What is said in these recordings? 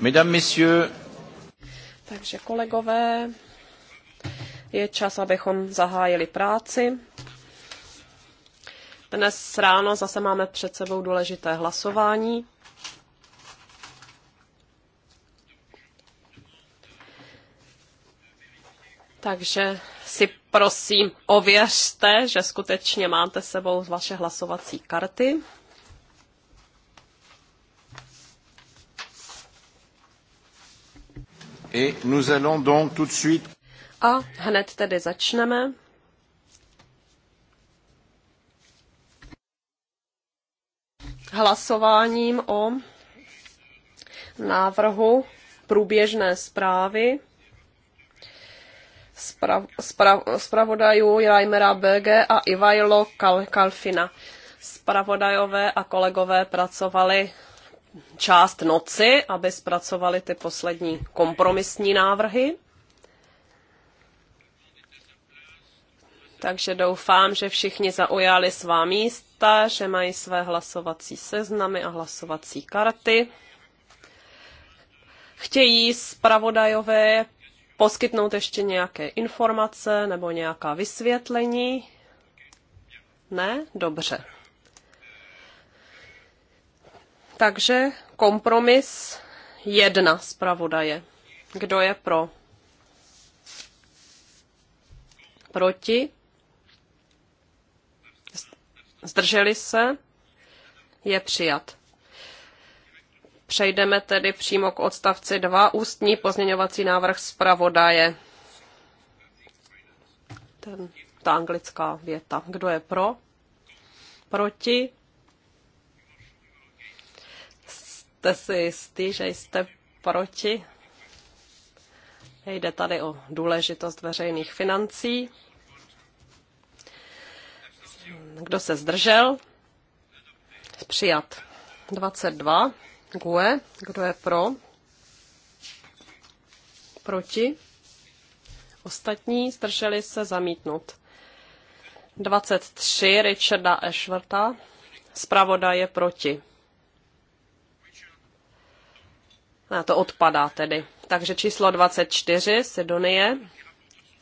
Mesdames, Messieurs. Takže kolegové, je čas, abychom zahájili práci. Dnes ráno zase máme před sebou důležité hlasování. Takže si prosím ověřte, že skutečně máte sebou vaše hlasovací karty. Et nous allons donc tout de suite... A hned tedy začneme. Hlasováním o návrhu průběžné zprávy zpravodajů spra- spravodajů Jajmera Böge a Ivailo Kal, Kalfina. Spravodajové a kolegové pracovali část noci, aby zpracovali ty poslední kompromisní návrhy. Takže doufám, že všichni zaujali svá místa, že mají své hlasovací seznamy a hlasovací karty. Chtějí zpravodajové poskytnout ještě nějaké informace nebo nějaká vysvětlení? Ne? Dobře. Takže kompromis jedna zpravodaje. Kdo je pro? Proti? Zdrželi se? Je přijat. Přejdeme tedy přímo k odstavci 2, ústní pozměňovací návrh zpravodaje. Ten, ta anglická věta. Kdo je pro? Proti? jste si jistý, že jste proti? Jde tady o důležitost veřejných financí. Kdo se zdržel? Přijat. 22. GUE. Kdo je pro? Proti? Ostatní zdrželi se zamítnout. 23. Richarda Ashworta. Zpravoda je proti. A to odpadá tedy. Takže číslo 24, Sidonie.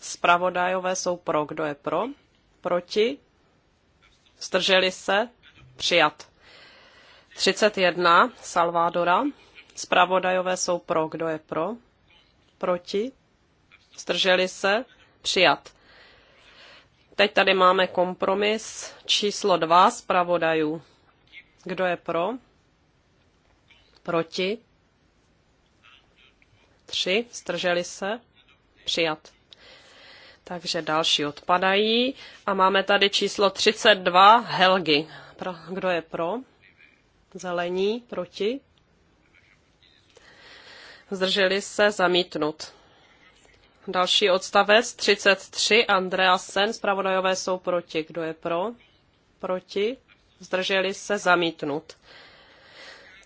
Spravodajové jsou pro. Kdo je pro? Proti? Strželi se? Přijat. 31, Salvadora. Spravodajové jsou pro. Kdo je pro? Proti? Strželi se? Přijat. Teď tady máme kompromis číslo 2 zpravodajů. Kdo je pro? Proti? 3, zdrželi se, přijat. Takže další odpadají. A máme tady číslo 32 Helgi. Pro, kdo je pro? Zelení, proti? Zdrželi se zamítnut. Další odstavec 33 Andreasen. Spravodajové jsou proti. Kdo je pro? Proti? Zdrželi se zamítnut.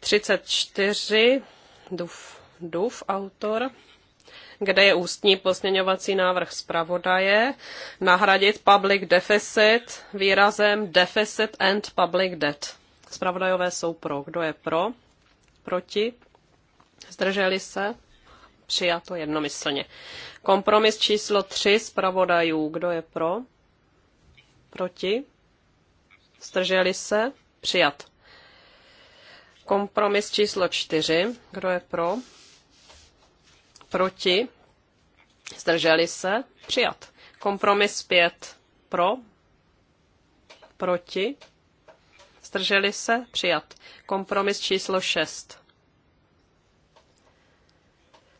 34 Duf. Duv, autor, kde je ústní pozměňovací návrh zpravodaje, nahradit public deficit výrazem deficit and public debt. Zpravodajové jsou pro. Kdo je pro? Proti? Zdrželi se? Přijato jednomyslně. Kompromis číslo 3 zpravodajů. Kdo je pro? Proti? Zdrželi se? Přijat. Kompromis číslo 4. Kdo je pro? proti, zdrželi se, přijat. Kompromis 5 pro, proti, zdrželi se, přijat. Kompromis číslo 6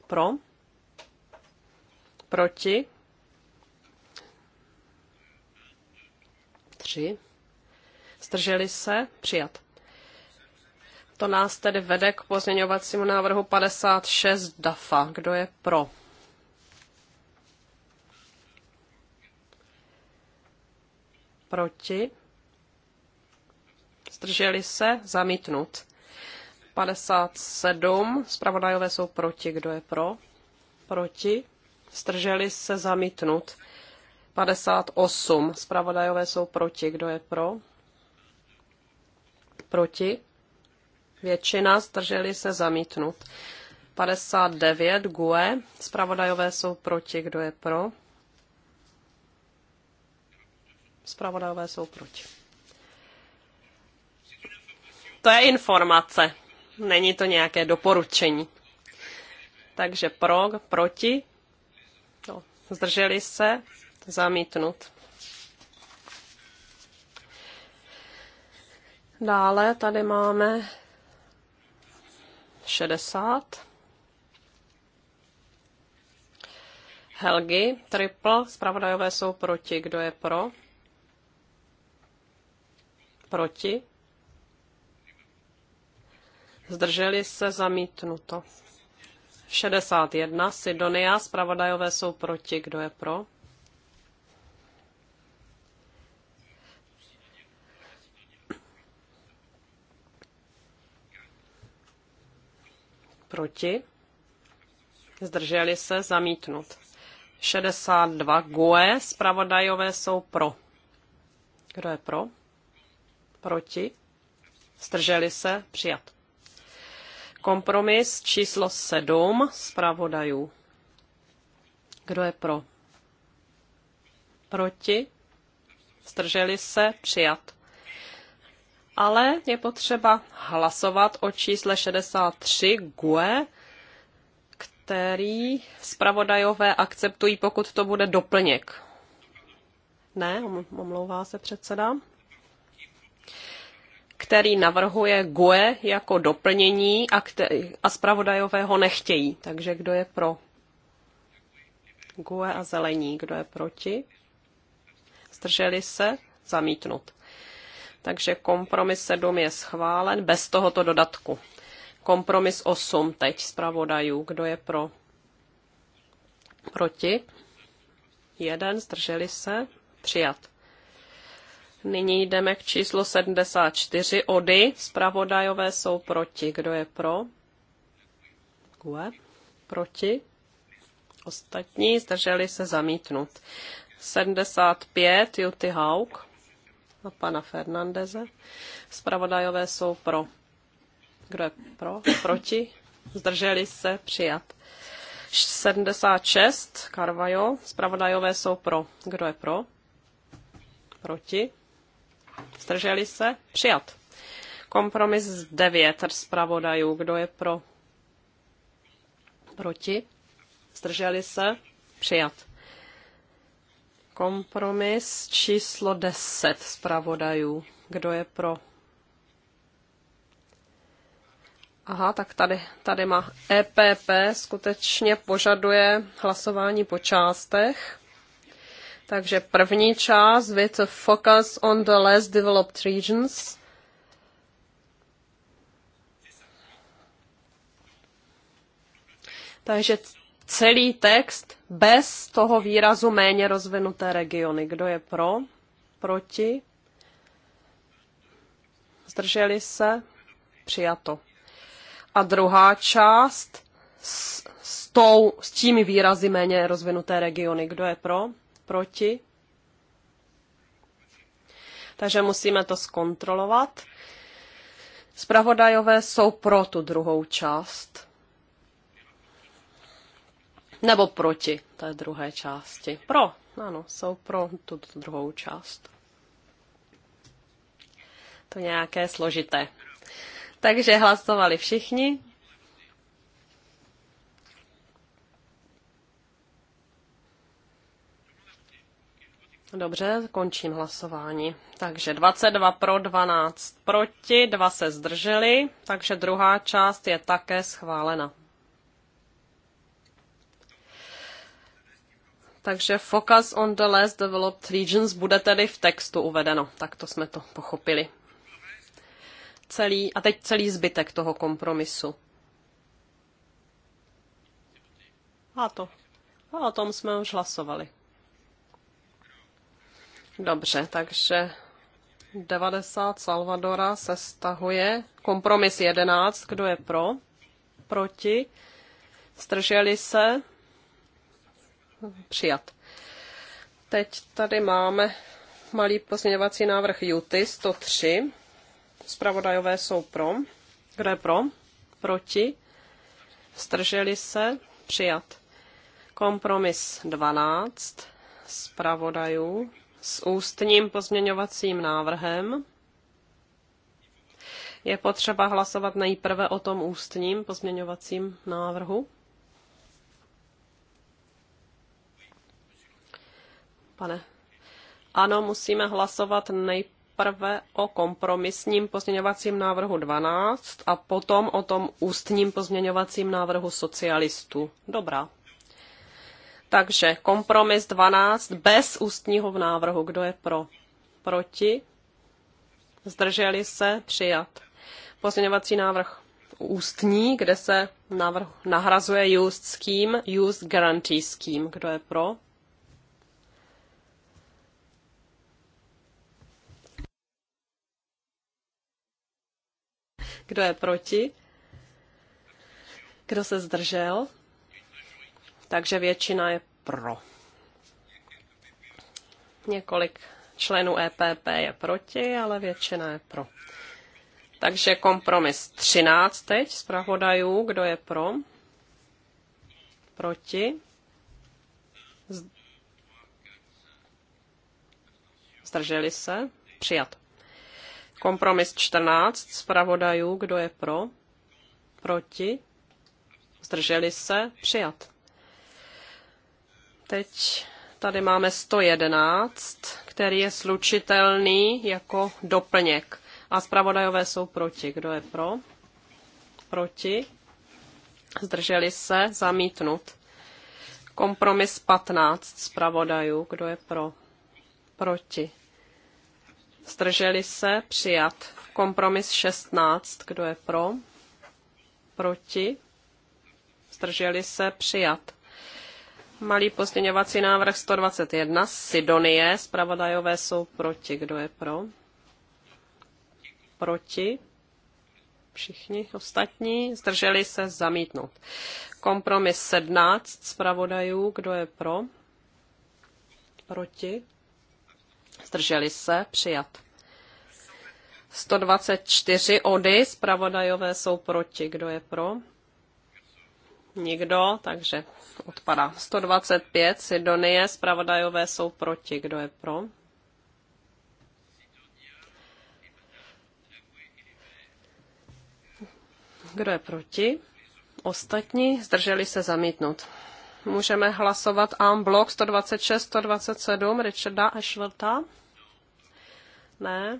pro, proti, 3, zdrželi se, přijat. To nás tedy vede k pozměňovacímu návrhu 56 DAFA. Kdo je pro? Proti? Zdrželi se? Zamítnut. 57. Spravodajové jsou proti. Kdo je pro? Proti. Zdrželi se? Zamítnut. 58. Spravodajové jsou proti. Kdo je pro? Proti. Většina zdrželi se zamítnut. 59 GUE. Spravodajové jsou proti. Kdo je pro? Spravodajové jsou proti. To je informace. Není to nějaké doporučení. Takže pro, proti. No, zdrželi se. Zamítnut. Dále tady máme 60. Helgi, Triple, zpravodajové jsou proti. Kdo je pro? Proti. Zdrželi se zamítnuto. 61. Sidonia, zpravodajové jsou proti. Kdo je pro? Proti? Zdrželi se zamítnut. 62 GUE, zpravodajové jsou pro. Kdo je pro? Proti? Zdrželi se? Přijat. Kompromis číslo 7 zpravodajů. Kdo je pro? Proti? Zdrželi se? Přijat ale je potřeba hlasovat o čísle 63 GUE, který zpravodajové akceptují, pokud to bude doplněk. Ne, omlouvá se předseda. Který navrhuje GUE jako doplnění a, který, a zpravodajové ho nechtějí. Takže kdo je pro? GUE a zelení. Kdo je proti? Zdrželi se? Zamítnut. Takže kompromis 7 je schválen bez tohoto dodatku. Kompromis 8 teď zpravodajů. Kdo je pro? Proti? Jeden, zdrželi se? Přijat. Nyní jdeme k číslu 74. Ody. Zpravodajové jsou proti. Kdo je pro? Gue. Proti. Ostatní zdrželi se zamítnut. 75. Juty Hauk a pana Fernandeze. Spravodajové jsou pro. Kdo je pro? Proti? Zdrželi se? Přijat. 76, Karvajo. Spravodajové jsou pro. Kdo je pro? Proti? Zdrželi se? Přijat. Kompromis 9 zpravodajů. Kdo je pro? Proti? Zdrželi se? Přijat. Kompromis číslo 10 zpravodajů. Kdo je pro? Aha, tak tady, tady má EPP, skutečně požaduje hlasování po částech. Takže první část with a focus on the less developed regions. Takže celý text bez toho výrazu méně rozvinuté regiony. Kdo je pro? Proti? Zdrželi se? Přijato. A druhá část s, s, tou, s tím výrazy méně rozvinuté regiony. Kdo je pro? Proti? Takže musíme to zkontrolovat. Spravodajové jsou pro tu druhou část. Nebo proti té druhé části. Pro, ano, jsou pro tu druhou část. To nějaké složité. Takže hlasovali všichni. Dobře, končím hlasování. Takže 22 pro, 12 proti, 2 se zdrželi, takže druhá část je také schválena. Takže focus on the less developed regions bude tedy v textu uvedeno. Tak to jsme to pochopili. Celý, a teď celý zbytek toho kompromisu. A to. A o tom jsme už hlasovali. Dobře, takže 90 Salvadora se stahuje. Kompromis 11, kdo je pro? Proti? Strželi se? Přijat. Teď tady máme malý pozměňovací návrh Juty 103. Spravodajové jsou pro. Kdo je pro? Proti? Strželi se? Přijat. Kompromis 12 zpravodajů s ústním pozměňovacím návrhem. Je potřeba hlasovat nejprve o tom ústním pozměňovacím návrhu. pane. Ano, musíme hlasovat nejprve o kompromisním pozměňovacím návrhu 12 a potom o tom ústním pozměňovacím návrhu socialistů. Dobrá. Takže kompromis 12 bez ústního v návrhu. Kdo je pro? Proti? Zdrželi se? Přijat. Pozměňovací návrh ústní, kde se návrh nahrazuje used scheme, used guarantee scheme. Kdo je pro? Kdo je proti? Kdo se zdržel? Takže většina je pro. Několik členů EPP je proti, ale většina je pro. Takže kompromis 13 teď zpravodajů. Kdo je pro? Proti? Zdrželi se? Přijat. Kompromis 14 zpravodajů, kdo je pro, proti, zdrželi se, přijat. Teď tady máme 111, který je slučitelný jako doplněk. A zpravodajové jsou proti. Kdo je pro? Proti. Zdrželi se, zamítnut. Kompromis 15 zpravodajů. Kdo je pro? Proti. Zdrželi se? Přijat. Kompromis 16. Kdo je pro? Proti? Zdrželi se? Přijat. Malý pozměňovací návrh 121. Sidonie. Spravodajové jsou proti. Kdo je pro? Proti? Všichni ostatní zdrželi se zamítnout. Kompromis 17 zpravodajů. Kdo je pro? Proti? Zdrželi se? Přijat. 124 ody, zpravodajové jsou proti. Kdo je pro? Nikdo, takže odpadá. 125 Sidonie, zpravodajové jsou proti. Kdo je pro? Kdo je proti? Ostatní zdrželi se zamítnout. Můžeme hlasovat en blok 126, 127 Richarda a Ashworta? Ne.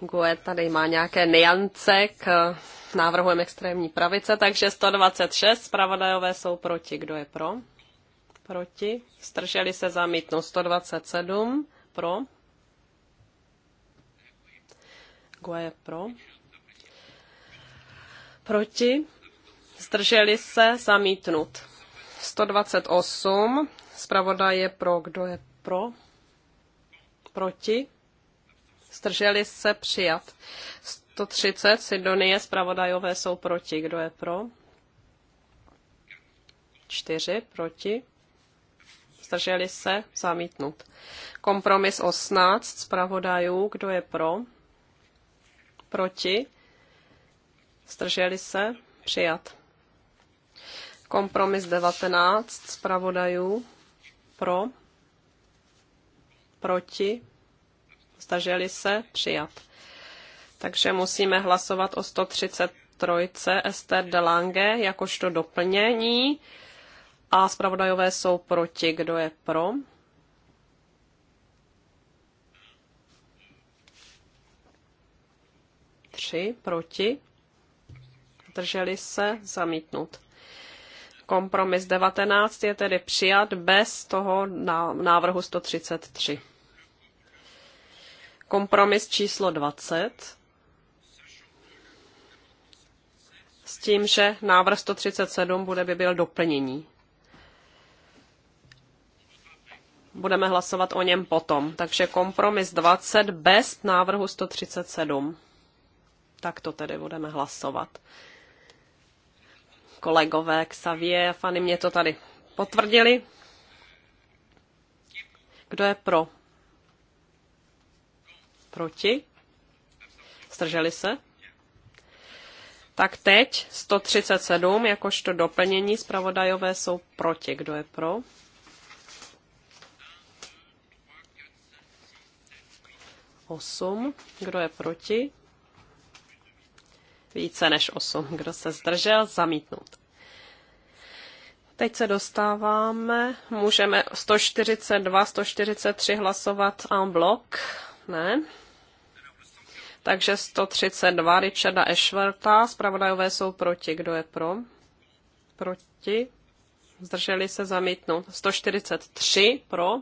Gue tady má nějaké niance k návrhům extrémní pravice, takže 126, zpravodajové jsou proti. Kdo je pro? Proti. Strželi se zamítnout 127, pro. Gué je pro. Proti? Zdrželi se? Zamítnut. 128. Zpravodaj je pro. Kdo je pro? Proti? Zdrželi se? Přijat. 130. Sidonie. Zpravodajové jsou proti. Kdo je pro? 4. Proti? Zdrželi se? Zamítnut. Kompromis 18. Zpravodajů. Kdo je pro? Proti? Zdrželi se? Přijat. Kompromis 19 zpravodajů pro, proti, zdrželi se, přijat. Takže musíme hlasovat o 133 de Delange jakožto doplnění a zpravodajové jsou proti. Kdo je pro? Tři proti zdrželi se, zamítnout. Kompromis 19 je tedy přijat bez toho návrhu 133. Kompromis číslo 20 s tím, že návrh 137 bude by byl doplnění. Budeme hlasovat o něm potom. Takže kompromis 20 bez návrhu 137. Tak to tedy budeme hlasovat kolegové Xavier a Fanny mě to tady potvrdili. Kdo je pro? Proti? Strželi se? Tak teď 137, jakožto doplnění zpravodajové jsou proti. Kdo je pro? Osm. Kdo je proti? Více než 8. Kdo se zdržel? Zamítnout. Teď se dostáváme, můžeme 142, 143 hlasovat en bloc, ne? Takže 132 Richarda Ashworta, zpravodajové jsou proti. Kdo je pro? Proti. Zdrželi se zamítnout. 143 pro.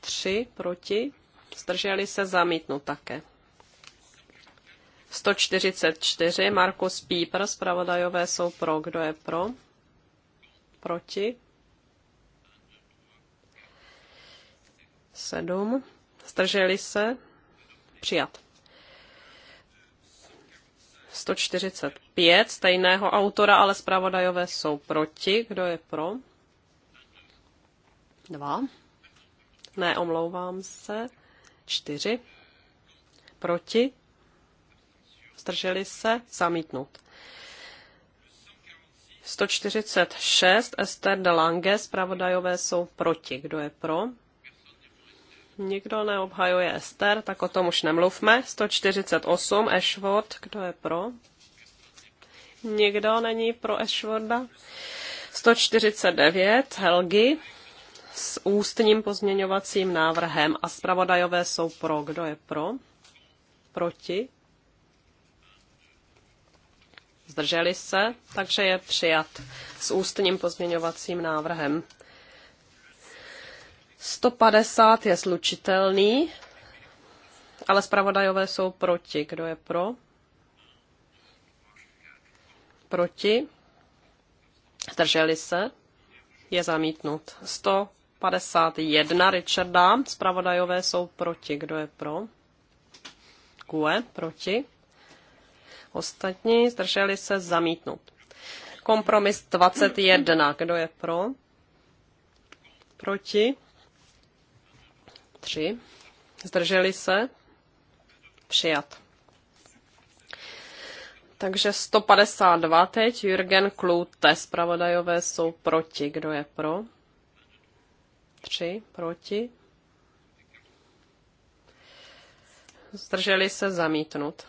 3 proti. Zdrželi se zamítnout také. 144, Markus Píper, zpravodajové jsou pro. Kdo je pro? Proti? 7. Zdrželi se? Přijat. 145 stejného autora, ale zpravodajové jsou proti. Kdo je pro? 2. Ne, omlouvám se. 4. Proti zdrželi se, zamítnut. 146 Esther de Lange, zpravodajové jsou proti. Kdo je pro? Nikdo neobhajuje Esther, tak o tom už nemluvme. 148 Ashford, kdo je pro? Nikdo není pro Ashforda. 149 Helgi s ústním pozměňovacím návrhem a zpravodajové jsou pro. Kdo je pro? Proti? zdrželi se, takže je přijat s ústním pozměňovacím návrhem. 150 je slučitelný, ale zpravodajové jsou proti. Kdo je pro? Proti. Zdrželi se. Je zamítnut. 151 Richarda. Zpravodajové jsou proti. Kdo je pro? Kue. proti. Ostatní zdrželi se zamítnout. Kompromis 21. Kdo je pro? Proti? 3. Zdrželi se? Přijat. Takže 152 teď. Jürgen Klute. Spravodajové jsou proti. Kdo je pro? 3. Proti? Zdrželi se zamítnout.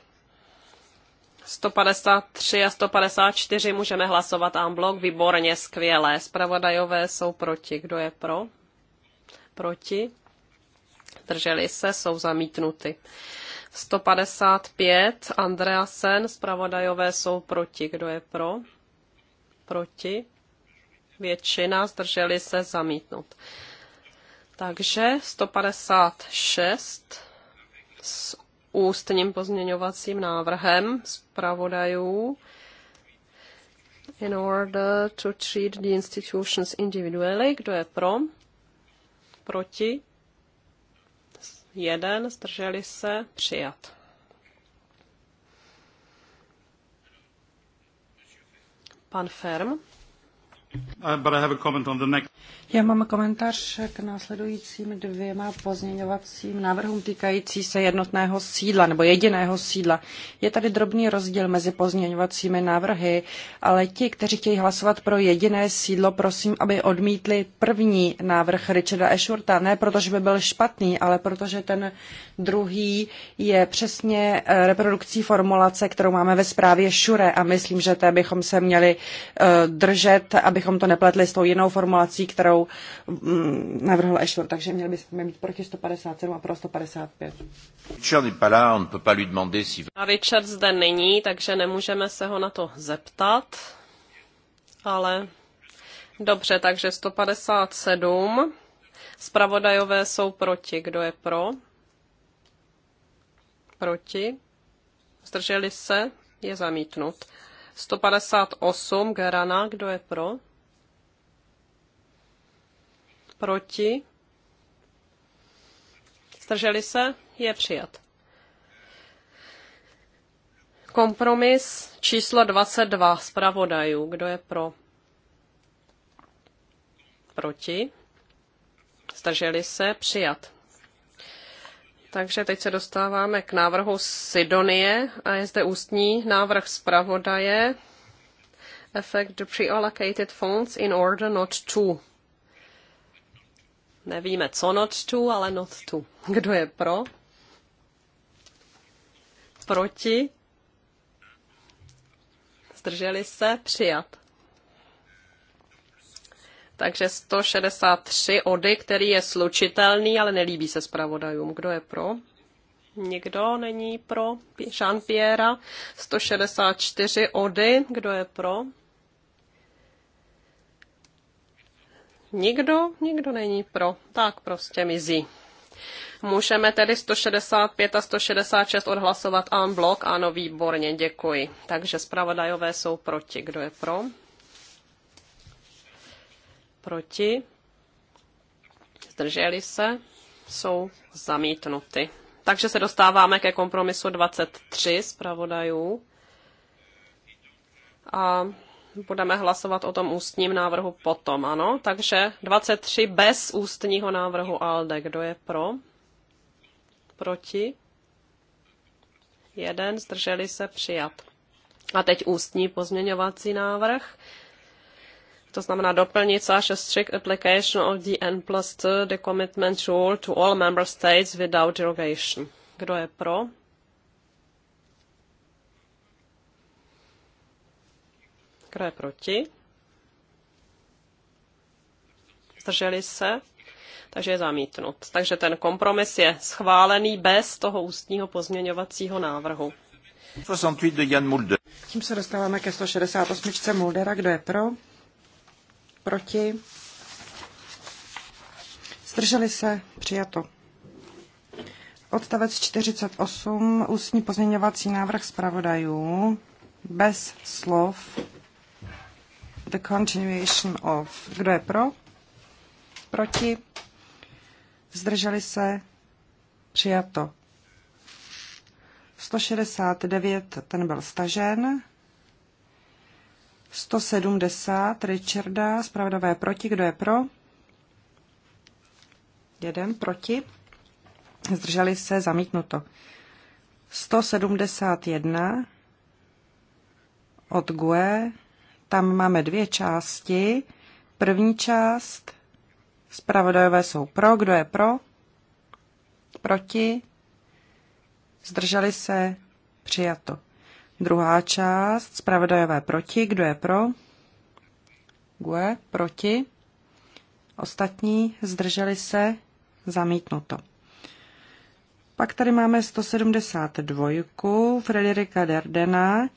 153 a 154 můžeme hlasovat en blok. Výborně, skvělé. Spravodajové jsou proti. Kdo je pro? Proti. Drželi se, jsou zamítnuty. 155 Andreasen, spravodajové jsou proti. Kdo je pro? Proti. Většina zdrželi se zamítnout. Takže 156 s ústním pozměňovacím návrhem zpravodajů in order to treat the institutions individually. Kdo je pro? Proti? Jeden. Zdrželi se? Přijat. Pan Ferm. Uh, but I have a comment on the next. Já mám komentář k následujícím dvěma pozměňovacím návrhům týkající se jednotného sídla nebo jediného sídla. Je tady drobný rozdíl mezi pozměňovacími návrhy, ale ti, kteří chtějí hlasovat pro jediné sídlo, prosím, aby odmítli první návrh Richarda Ashworta. Ne protože by byl špatný, ale protože ten druhý je přesně eh, reprodukcí formulace, kterou máme ve zprávě Šure a myslím, že té bychom se měli eh, držet, abychom to nepletli s tou jinou formulací, kterou mm, navrhl Ashford, takže měli bychom být proti 157 a pro 155. A Richard zde není, takže nemůžeme se ho na to zeptat, ale dobře, takže 157. Spravodajové jsou proti. Kdo je pro? Proti. Zdrželi se? Je zamítnut. 158 Gerana, kdo je pro? Proti? Zdrželi se? Je přijat. Kompromis číslo 22 zpravodajů. Kdo je pro? Proti? Zdrželi se? Přijat. Takže teď se dostáváme k návrhu Sidonie a je zde ústní návrh zpravodaje. Effect the pre-allocated funds in order not to. Nevíme, co not to, ale not to. Kdo je pro? Proti? Zdrželi se? Přijat. Takže 163 ody, který je slučitelný, ale nelíbí se zpravodajům. Kdo je pro? Nikdo není pro. Jean pierre 164 ody. Kdo je pro? Nikdo? Nikdo není pro. Tak prostě mizí. Můžeme tedy 165 a 166 odhlasovat en blok. Ano, výborně, děkuji. Takže zpravodajové jsou proti. Kdo je pro? Proti. Zdrželi se. Jsou zamítnuty. Takže se dostáváme ke kompromisu 23 zpravodajů. A budeme hlasovat o tom ústním návrhu potom, ano. Takže 23 bez ústního návrhu ALDE. Kdo je pro? Proti? Jeden, zdrželi se, přijat. A teď ústní pozměňovací návrh. To znamená doplnit Sasha strict application of the N plus 2 decommitment rule to all member states without derogation. Kdo je pro? kdo proti? Zdrželi se? Takže je zamítnut. Takže ten kompromis je schválený bez toho ústního pozměňovacího návrhu. 68 de Jan Mulder. Tím se dostáváme ke 168. Muldera. Kdo je pro? Proti? Zdrželi se? Přijato. Odstavec 48, ústní pozměňovací návrh zpravodajů, bez slov the continuation of. Kdo je pro? Proti? Zdrželi se? Přijato. 169, ten byl stažen. 170 Richarda, zpravodové proti, kdo je pro? Jeden proti. Zdrželi se, zamítnuto. 171 od GUE, tam máme dvě části. První část, zpravodajové jsou pro, kdo je pro, proti, zdrželi se, přijato. Druhá část, zpravodajové proti, kdo je pro, gue, proti, ostatní, zdrželi se, zamítnuto. Pak tady máme 172 Frederika Derdena,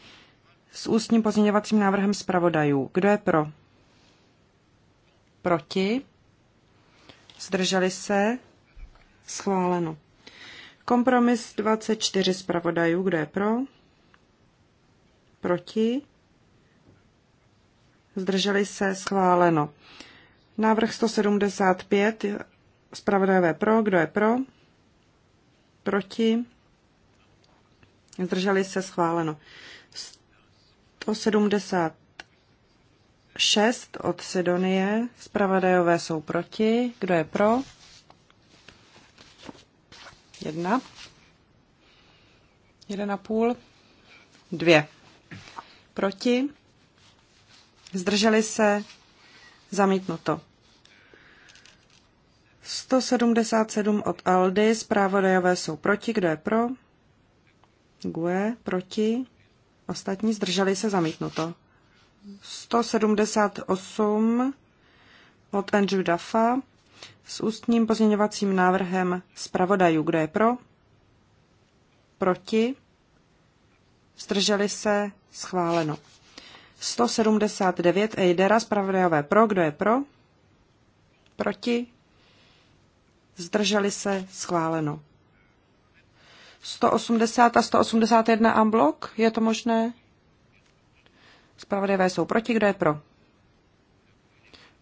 s ústním pozměňovacím návrhem zpravodajů. Kdo je pro? Proti? Zdrželi se? Schváleno. Kompromis 24 zpravodajů. Kdo je pro? Proti? Zdrželi se? Schváleno. Návrh 175. Zpravodajové pro. Kdo je pro? Proti? Zdrželi se? Schváleno. 76 od Sidonie. zpravodajové jsou proti. Kdo je pro? Jedna. Jeden a půl. Dvě. Proti. Zdrželi se. Zamítnuto. 177 od Aldy. Zprávodajové jsou proti. Kdo je pro? Gue. Proti. Ostatní zdrželi se zamítnuto. 178 od Andrew Duffa s ústním pozměňovacím návrhem zpravodajů. Kdo je pro? Proti? Zdrželi se? Schváleno. 179 Eidera, zpravodajové pro. Kdo je pro? Proti? Zdrželi se? Schváleno. 180 a 181 amblok, je to možné? Spravodajové jsou proti, kdo je pro?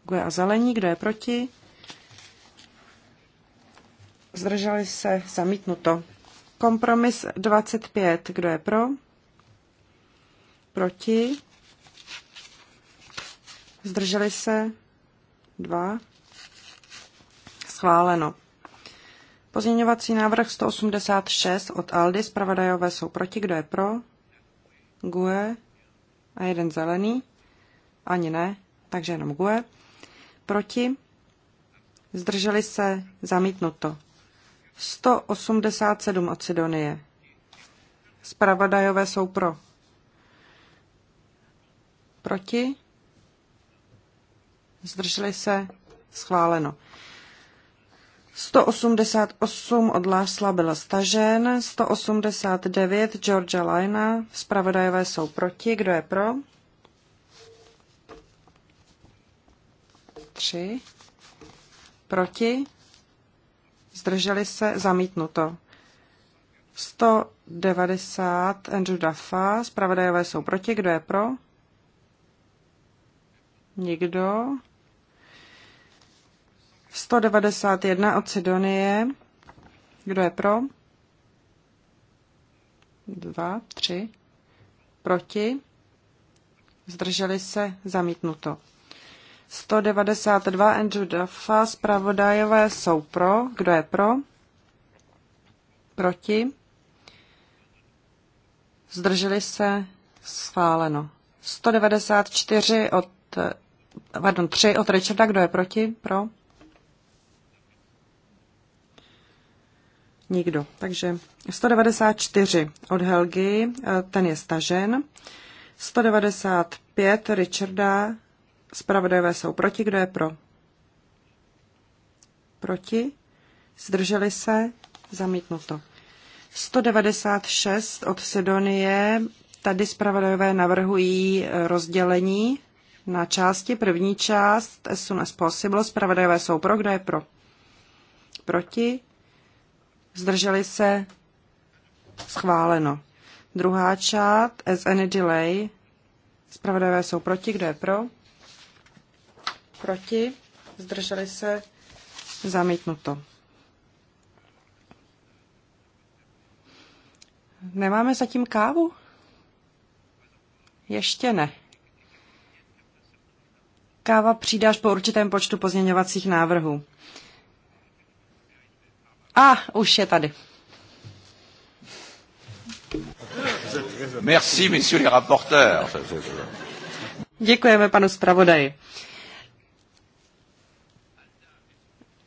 Kdo je a zelení, kdo je proti? Zdrželi se, zamítnuto. Kompromis 25, kdo je pro? Proti? Zdrželi se? Dva. Schváleno. Pozměňovací návrh 186 od Aldy, zpravodajové jsou proti, kdo je pro? GUE a jeden zelený. Ani ne, takže jenom GUE. Proti? Zdrželi se zamítnuto. 187 od Sidonie. Spravodajové jsou pro. Proti? Zdrželi se schváleno. 188 od Lásla byl stažen, 189 Georgia Lina, zpravodajové jsou proti, kdo je pro? Tři. Proti? Zdrželi se, zamítnuto. 190 Andrew Duffa, zpravodajové jsou proti, kdo je pro? Nikdo. 191 od Sidonie. Kdo je pro? Dva, tři. Proti? Zdrželi se? Zamítnuto. 192 Andrew Duffa, zpravodajové jsou pro. Kdo je pro? Proti? Zdrželi se? Schváleno. 194 od, pardon, 3 od Richarda, kdo je proti? Pro? Nikdo. Takže 194 od Helgy, eh, ten je stažen. 195 Richarda, zpravodajové jsou proti, kdo je pro? Proti, zdrželi se, zamítnuto. 196 od Sidonie, tady zpravodajové navrhují eh, rozdělení na části. První část, as soon as possible, zpravodajové jsou pro, kdo je pro? Proti, zdrželi se, schváleno. Druhá část, as any delay, zpravodajové jsou proti, kdo je pro? Proti, zdrželi se, zamítnuto. Nemáme zatím kávu? Ještě ne. Káva přijde až po určitém počtu pozměňovacích návrhů. A už je tady. Merci, messieurs les rapporteurs. Děkujeme panu zpravodaji.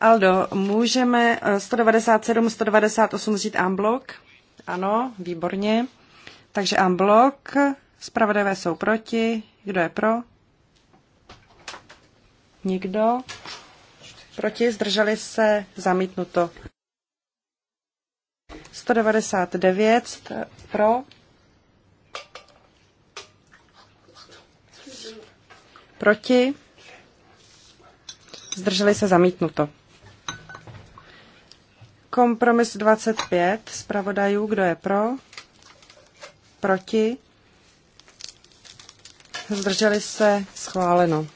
Aldo, můžeme 197, 198 říct amblok? Ano, výborně. Takže amblok, zpravodajové jsou proti, kdo je pro? Nikdo. Proti, zdrželi se, zamítnuto. 199 pro, proti, zdrželi se zamítnuto. Kompromis 25 zpravodajů, kdo je pro, proti, zdrželi se schváleno.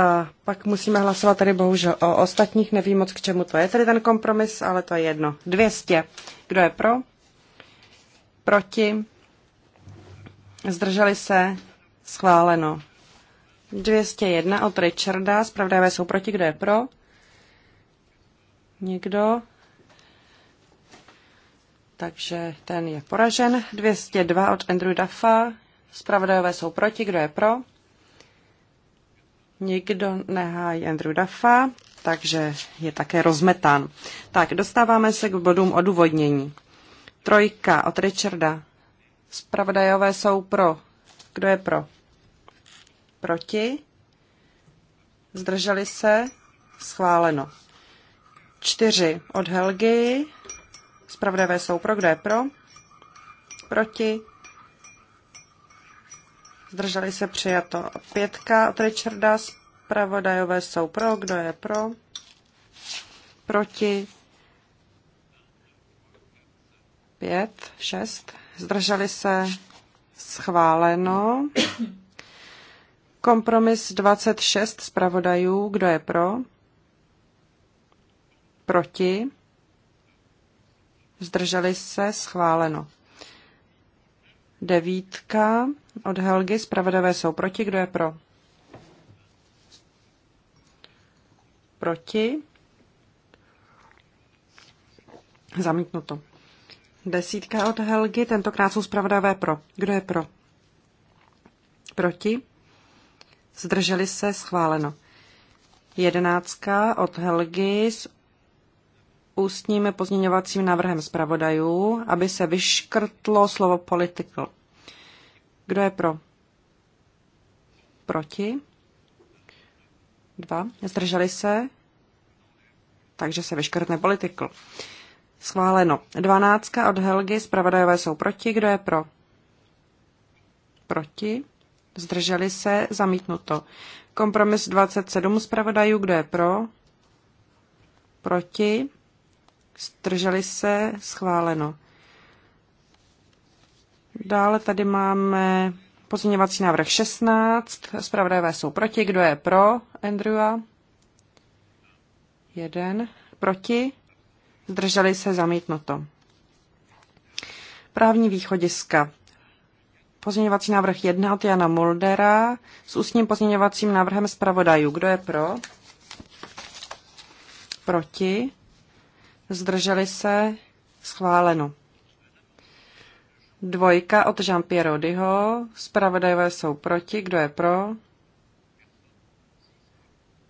A pak musíme hlasovat tady bohužel o ostatních, nevím moc k čemu to je tady ten kompromis, ale to je jedno. 200. Kdo je pro? Proti? Zdrželi se? Schváleno. 201 od Richarda. Zpravdavé jsou proti. Kdo je pro? Nikdo. Takže ten je poražen. 202 od Andrew Duffa. Zpravodajové jsou proti. Kdo je pro? Nikdo nehájí Andrew Duffa, takže je také rozmetán. Tak, dostáváme se k bodům odůvodnění. Trojka od Richarda. Spravodajové jsou pro. Kdo je pro? Proti? Zdrželi se? Schváleno. Čtyři od Helgy. Spravodajové jsou pro. Kdo je pro? Proti? zdrželi se přijato. Pětka od Richarda, zpravodajové jsou pro, kdo je pro, proti, pět, šest, zdrželi se schváleno. Kompromis 26 zpravodajů, kdo je pro, proti, zdrželi se schváleno. Devítka od Helgy. Zpravodavé jsou proti. Kdo je pro? Proti. Zamítnuto. Desítka od Helgy. Tentokrát jsou zpravodavé pro. Kdo je pro? Proti. Zdrželi se. Schváleno. Jedenáctka od Helgy s ústním pozměňovacím návrhem zpravodajů, aby se vyškrtlo slovo political. Kdo je pro? Proti? Dva. Zdrželi se? Takže se vyškrtne political. Schváleno. Dvanáctka od Helgy, zpravodajové jsou proti. Kdo je pro? Proti. Zdrželi se? Zamítnuto. Kompromis 27 zpravodajů, kdo je pro? Proti? Zdrželi se? Schváleno. Dále tady máme pozměňovací návrh 16. Spravodajové jsou proti. Kdo je pro Andrewa? Jeden. Proti? Zdrželi se? Zamítnuto. Právní východiska. Pozměňovací návrh 1 od Jana Muldera s ústním pozměňovacím návrhem zpravodajů. Kdo je pro? Proti? zdrželi se, schváleno. Dvojka od Jean-Pierre Odyho, Spravodajové jsou proti, kdo je pro?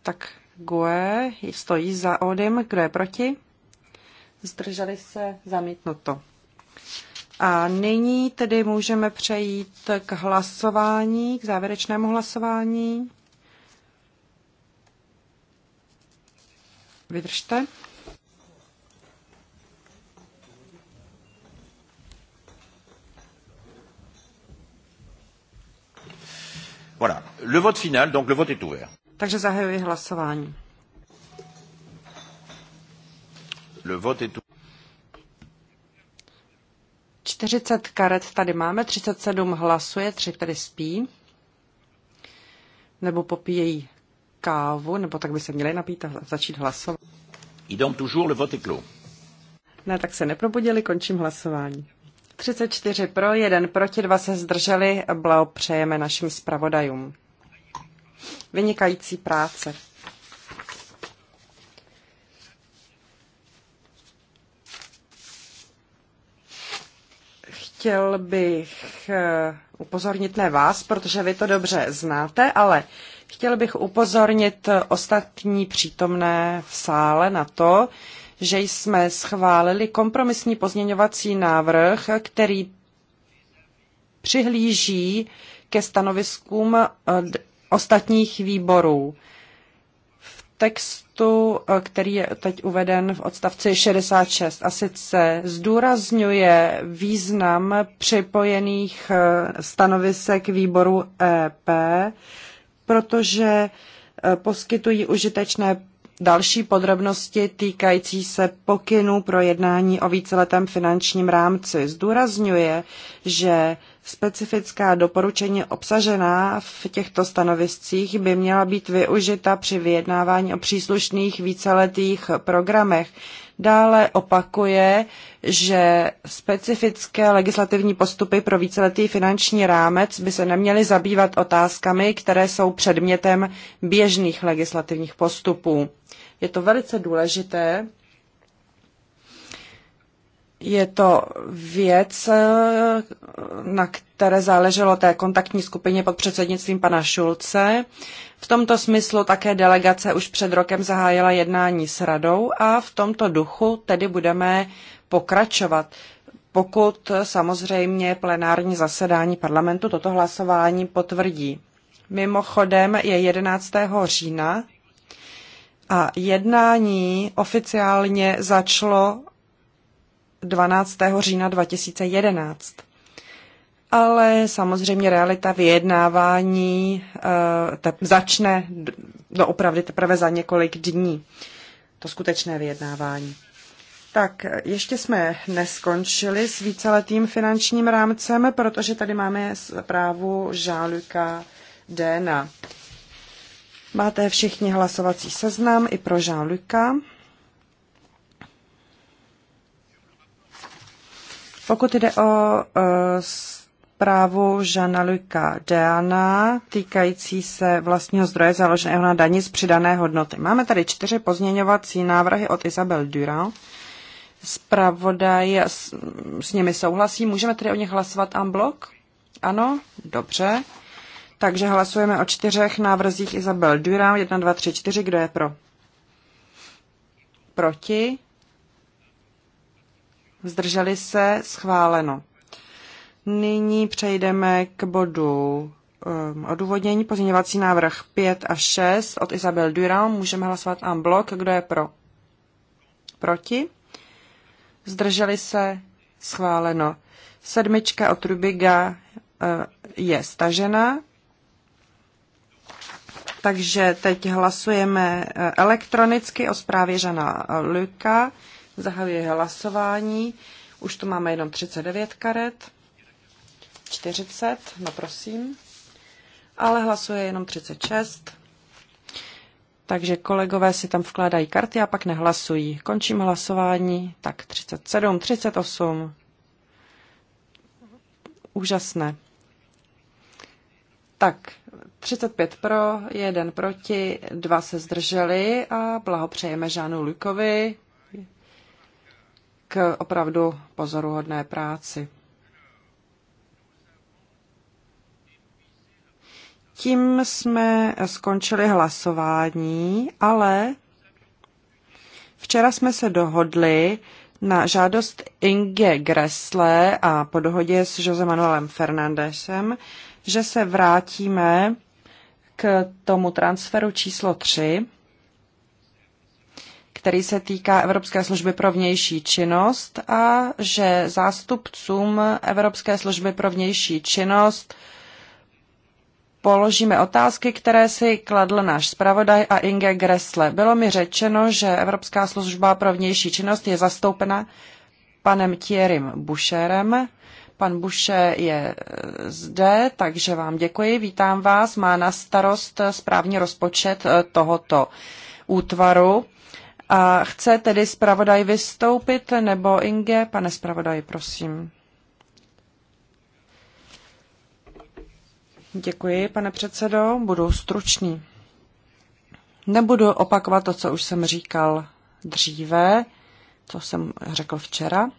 Tak Gue stojí za Odym, kdo je proti? Zdrželi se, zamítnuto. A nyní tedy můžeme přejít k hlasování, k závěrečnému hlasování. Vydržte. Voilà. Le vote final, donc le vote est ouvert. Takže zahajuji hlasování. Le vote est 40 karet tady máme, 37 hlasuje, 3 tady spí. Nebo popíjejí kávu, nebo tak by se měli napít a začít hlasovat. Idem toujours le vote est clos. Ne, tak se neprobudili, končím hlasování. 34 pro, 1 proti, 2 se zdrželi. přejeme našim zpravodajům. Vynikající práce. Chtěl bych eh, upozornit ne vás, protože vy to dobře znáte, ale chtěl bych upozornit ostatní přítomné v sále na to, že jsme schválili kompromisní pozměňovací návrh, který přihlíží ke stanoviskům eh, ostatních výborů. V textu, eh, který je teď uveden v odstavci 66, a sice zdůrazňuje význam připojených eh, stanovisek výboru EP, protože poskytují užitečné další podrobnosti týkající se pokynů pro jednání o víceletém finančním rámci. Zdůrazňuje, že specifická doporučení obsažená v těchto stanoviscích by měla být využita při vyjednávání o příslušných víceletých programech, Dále opakuje, že specifické legislativní postupy pro víceletý finanční rámec by se neměly zabývat otázkami, které jsou předmětem běžných legislativních postupů. Je to velice důležité, je to věc, eh, na které záleželo té kontaktní skupině pod předsednictvím pana Šulce. V tomto smyslu také delegace už před rokem zahájila jednání s radou a v tomto duchu tedy budeme pokračovat. Pokud samozřejmě plenární zasedání parlamentu toto hlasování potvrdí. Mimochodem je 11. října a jednání oficiálně začalo 12. října 2011. Ale samozřejmě realita vyjednávání eh, te- začne doopravdy teprve za několik dní. To skutečné vyjednávání. Tak, ještě jsme neskončili s víceletým finančním rámcem, protože tady máme zprávu Žáluka Déna. Máte všichni hlasovací seznam i pro Žáluka. Pokud jde o e, zprávu Žana Luka Deana týkající se vlastního zdroje založeného na daní z přidané hodnoty. Máme tady čtyři pozměňovací návrhy od Isabel Durand. Zpravodaj s, s nimi souhlasí. Můžeme tedy o nich hlasovat en blok? Ano? Dobře. Takže hlasujeme o čtyřech návrzích Isabel Durand. 1, 2, 3, 4. Kdo je pro? Proti? zdrželi se, schváleno. Nyní přejdeme k bodu um, odůvodnění. Pozměňovací návrh 5 a 6 od Isabel Durand. Můžeme hlasovat en blok. Kdo je pro? Proti? Zdrželi se? Schváleno. Sedmička od Rubiga uh, je stažena. Takže teď hlasujeme eh, elektronicky o zprávě Žana Luka. Zahajuji hlasování. Už tu máme jenom 39 karet. 40, no prosím. Ale hlasuje jenom 36. Takže kolegové si tam vkládají karty a pak nehlasují. Končím hlasování. Tak 37, 38. Úžasné. Tak, 35 pro, jeden proti, dva se zdrželi a blahopřejeme Žánu Lukovi, k opravdu pozoruhodné práci. Tím jsme skončili hlasování, ale včera jsme se dohodli na žádost Inge Gressle a po dohodě s Jose Manuelem Fernandesem, že se vrátíme k tomu transferu číslo 3 který se týká Evropské služby pro vnější činnost a že zástupcům Evropské služby pro vnější činnost položíme otázky, které si kladl náš zpravodaj a Inge Gressle. Bylo mi řečeno, že Evropská služba pro vnější činnost je zastoupena panem Thierrym Busherem. Pan Buše je eh, zde, takže vám děkuji, vítám vás. Má na starost správní rozpočet eh, tohoto útvaru. A chce tedy zpravodaj vystoupit, nebo Inge? Pane zpravodaji, prosím. Děkuji, pane předsedo. Budu stručný. Nebudu opakovat to, co už jsem říkal dříve, co jsem řekl včera.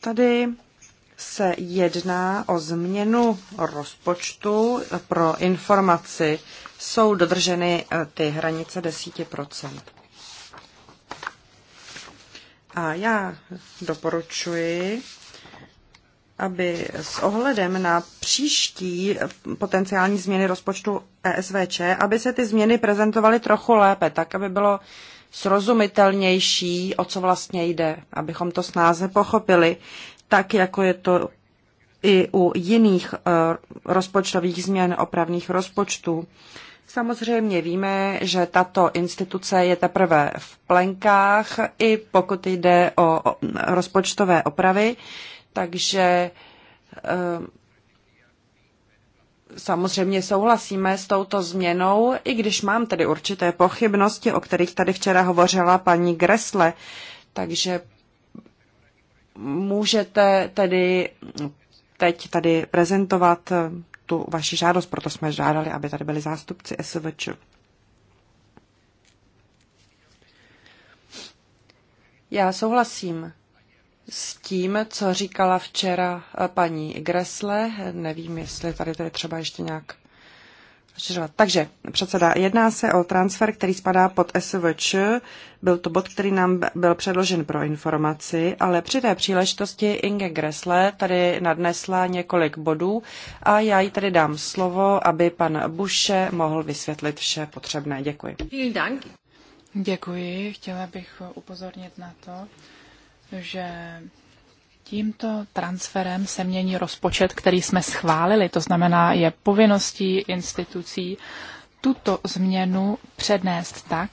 Tady se jedná o změnu rozpočtu pro informaci. Jsou dodrženy eh, ty hranice 10%. A já doporučuji, aby s ohledem na příští potenciální změny rozpočtu ESVČ, aby se ty změny prezentovaly trochu lépe, tak aby bylo srozumitelnější, o co vlastně jde, abychom to snáze pochopili tak jako je to i u jiných eh, rozpočtových změn opravných rozpočtů. Samozřejmě víme, že tato instituce je teprve v plenkách, i pokud jde o rozpočtové opravy, takže eh, samozřejmě souhlasíme s touto změnou, i když mám tedy určité pochybnosti, o kterých tady včera hovořila paní Gresle. Takže můžete tedy teď tady prezentovat eh, tu vaši žádost, proto jsme žádali, aby tady byli zástupci SVČ. Já souhlasím s tím, co říkala včera eh, paní Gresle. Nevím, jestli tady tady třeba ještě nějak rozšiřovat. Takže předseda, jedná se o transfer, který spadá pod SVČ. Byl to bod, který nám byl předložen pro informaci, ale při té příležitosti Inge Gressle tady nadnesla několik bodů a já jí tady dám slovo, aby pan Buše mohl vysvětlit vše potřebné. Děkuji. Děkuji. Chtěla bych upozornit na to, že Tímto transferem se mění rozpočet, který jsme schválili, to znamená, je povinností institucí tuto změnu přednést tak,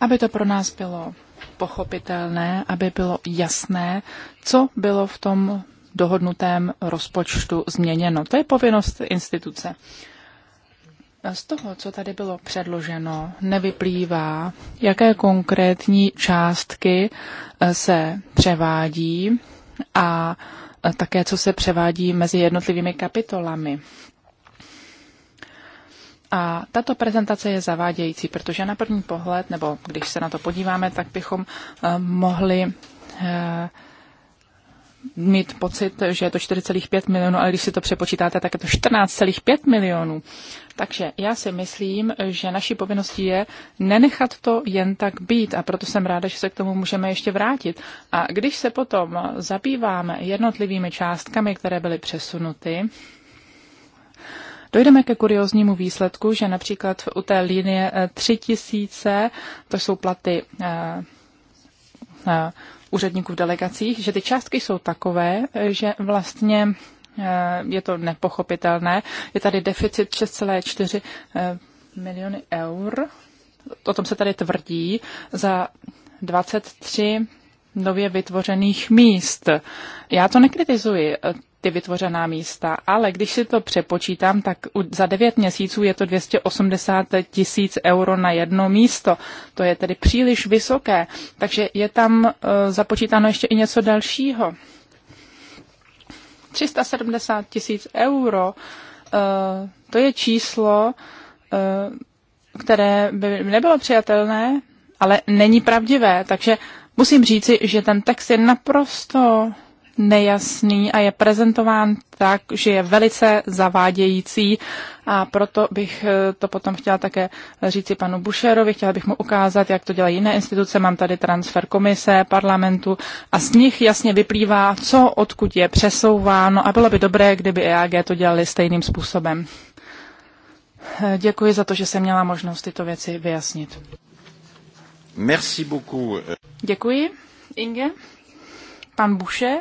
aby to pro nás bylo pochopitelné, aby bylo jasné, co bylo v tom dohodnutém rozpočtu změněno. To je povinnost instituce. Z toho, co tady bylo předloženo, nevyplývá, jaké konkrétní částky se převádí a také co se převádí mezi jednotlivými kapitolami. A tato prezentace je zavádějící, protože na první pohled, nebo když se na to podíváme, tak bychom eh, mohli eh, mít pocit, že je to 4,5 milionů, ale když si to přepočítáte, tak je to 14,5 milionů. Takže já si myslím, že naší povinností je nenechat to jen tak být a proto jsem ráda, že se k tomu můžeme ještě vrátit. A když se potom zabýváme jednotlivými částkami, které byly přesunuty, Dojdeme ke kurioznímu výsledku, že například u té linie 3000, eh, to jsou platy eh, eh, úředníků v delegacích, že ty částky jsou takové, že vlastně eh, je to nepochopitelné. Je tady deficit 6,4 eh, miliony eur. O tom se tady tvrdí za 23 nově vytvořených míst. Já to nekritizuji ty vytvořená místa, ale když si to přepočítám, tak za 9 měsíců je to 280 tisíc euro na jedno místo. To je tedy příliš vysoké, takže je tam e, započítáno ještě i něco dalšího. 370 tisíc euro, e, to je číslo, e, které by nebylo přijatelné, ale není pravdivé, takže musím říci, že ten text je naprosto nejasný a je prezentován tak, že je velice zavádějící a proto bych eh, to potom chtěla také říci panu Bušerovi, chtěla bych mu ukázat, jak to dělají jiné instituce, mám tady transfer komise, parlamentu a z nich jasně vyplývá, co odkud je přesouváno a bylo by dobré, kdyby EAG to dělali stejným způsobem. Eh, děkuji za to, že jsem měla možnost tyto věci vyjasnit. Merci beaucoup. Děkuji. Inge? Pan Buše?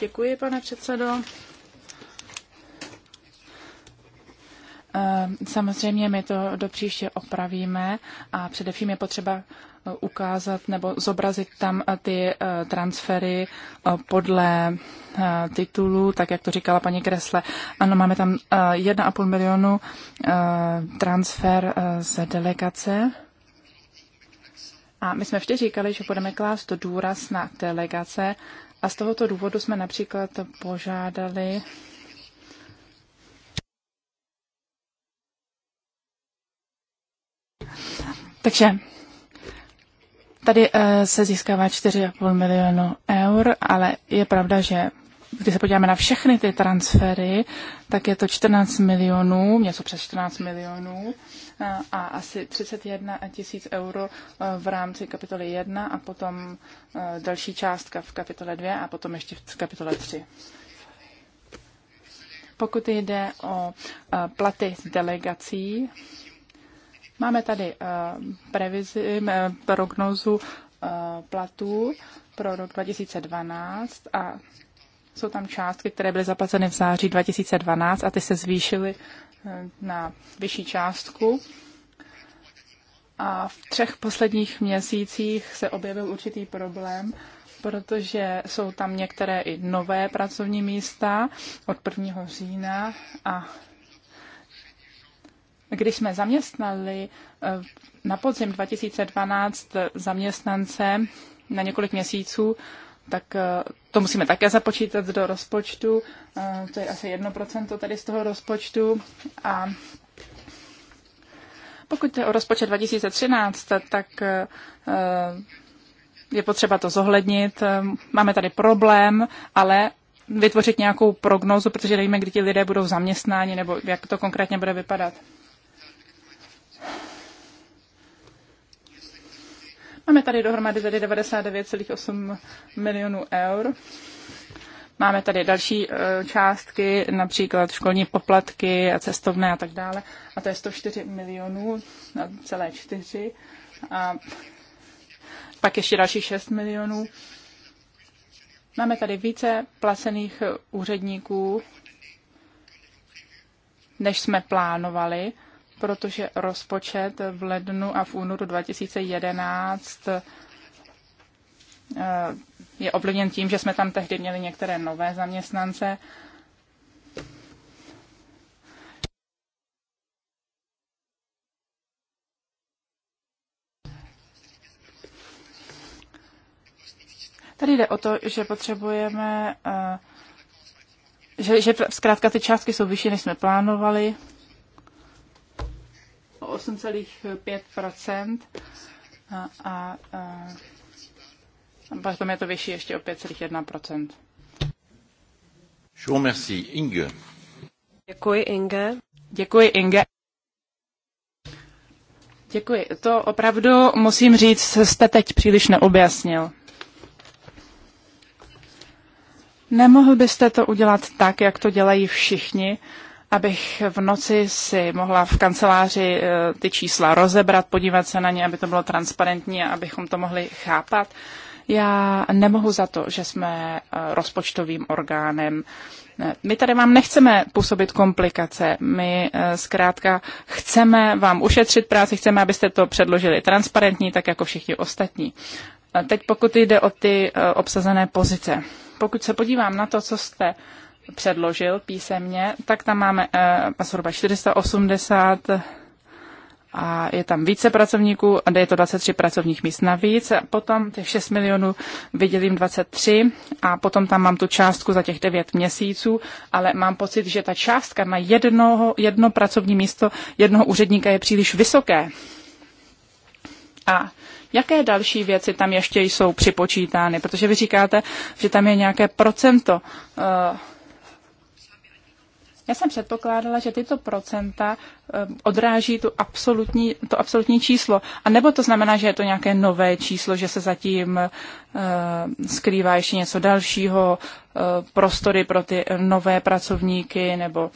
Děkuji, pane předsedo. Ehm, samozřejmě my to do příště opravíme a především je potřeba eh, ukázat nebo zobrazit tam eh, ty eh, transfery podle titulu, tak jak to říkala paní Kresle. Ano, máme tam 1,5 milionu transfer z delegace. A my jsme vždy říkali, že budeme klást důraz na delegace a z tohoto důvodu jsme například požádali Takže tady eh, se získává 4,5 milionu eur, ale je pravda, že když se podíváme na všechny ty transfery, tak je to 14 milionů, něco přes 14 milionů a asi 31 tisíc euro eh, v rámci kapitoly 1 a potom eh, další částka v kapitole 2 a potom ještě v kapitole 3. Pokud jde o eh, platy delegací, máme tady previzi, prognozu platů pro rok 2012 a jsou tam částky, které byly zaplaceny v září 2012 a ty se zvýšily eh, na vyšší částku. A v třech posledních měsících se objevil určitý problém, protože jsou tam některé i nové pracovní místa od 1. října a když jsme zaměstnali eh, na podzim 2012 zaměstnance na několik měsíců, tak eh, to musíme také započítat do rozpočtu. Eh, to je asi 1% tady z toho rozpočtu. A pokud je o rozpočet 2013, tak eh, je potřeba to zohlednit. Máme tady problém, ale vytvořit nějakou prognózu, protože nevíme, kdy ti lidé budou zaměstnáni nebo jak to konkrétně bude vypadat. Máme tady dohromady tedy 99,8 milionů eur. Máme tady další eh, částky, například školní poplatky a cestovné a tak dále. A to je 104 milionů na celé čtyři. A pak ještě další 6 milionů. Máme tady více placených úředníků, než jsme plánovali protože rozpočet v lednu a v únoru 2011 eh, je ovlivněn tím, že jsme tam tehdy měli některé nové zaměstnance. Tady jde o to, že potřebujeme, eh, že, že zkrátka ty částky jsou vyšší, než jsme plánovali. 8,5 a, a, a potom je to vyšší ještě o 5,1 Merci, Inge. Děkuji, Inge. Děkuji, Inge. Děkuji. To opravdu, musím říct, jste teď příliš neobjasnil. Nemohl byste to udělat tak, jak to dělají všichni, abych v noci si mohla v kanceláři eh, ty čísla rozebrat, podívat se na ně, aby to bylo transparentní a abychom to mohli chápat. Já nemohu za to, že jsme eh, rozpočtovým orgánem. Eh, my tady vám nechceme působit komplikace. My zkrátka chceme vám ušetřit práci, chceme, abyste to předložili transparentní, tak jako všichni ostatní. Teď pokud jde o ty obsazené pozice. Pokud se podívám na to, co jste předložil písemně, tak tam máme uh, zhruba 480 a je tam více pracovníků, a je to 23 pracovních míst navíc. A potom těch 6 milionů vydělím 23 a potom tam mám tu částku za těch 9 měsíců, ale mám pocit, že ta částka na jednoho, jedno pracovní místo jednoho úředníka je příliš vysoké. A jaké další věci tam ještě jsou připočítány? Protože vy říkáte, že tam je nějaké procento uh, já jsem předpokládala, že tyto procenta eh, odráží tu absolutní, to absolutní číslo. A nebo to znamená, že je to nějaké nové číslo, že se zatím uh, skrývá ještě něco dalšího, uh, prostory pro ty nové pracovníky, nebo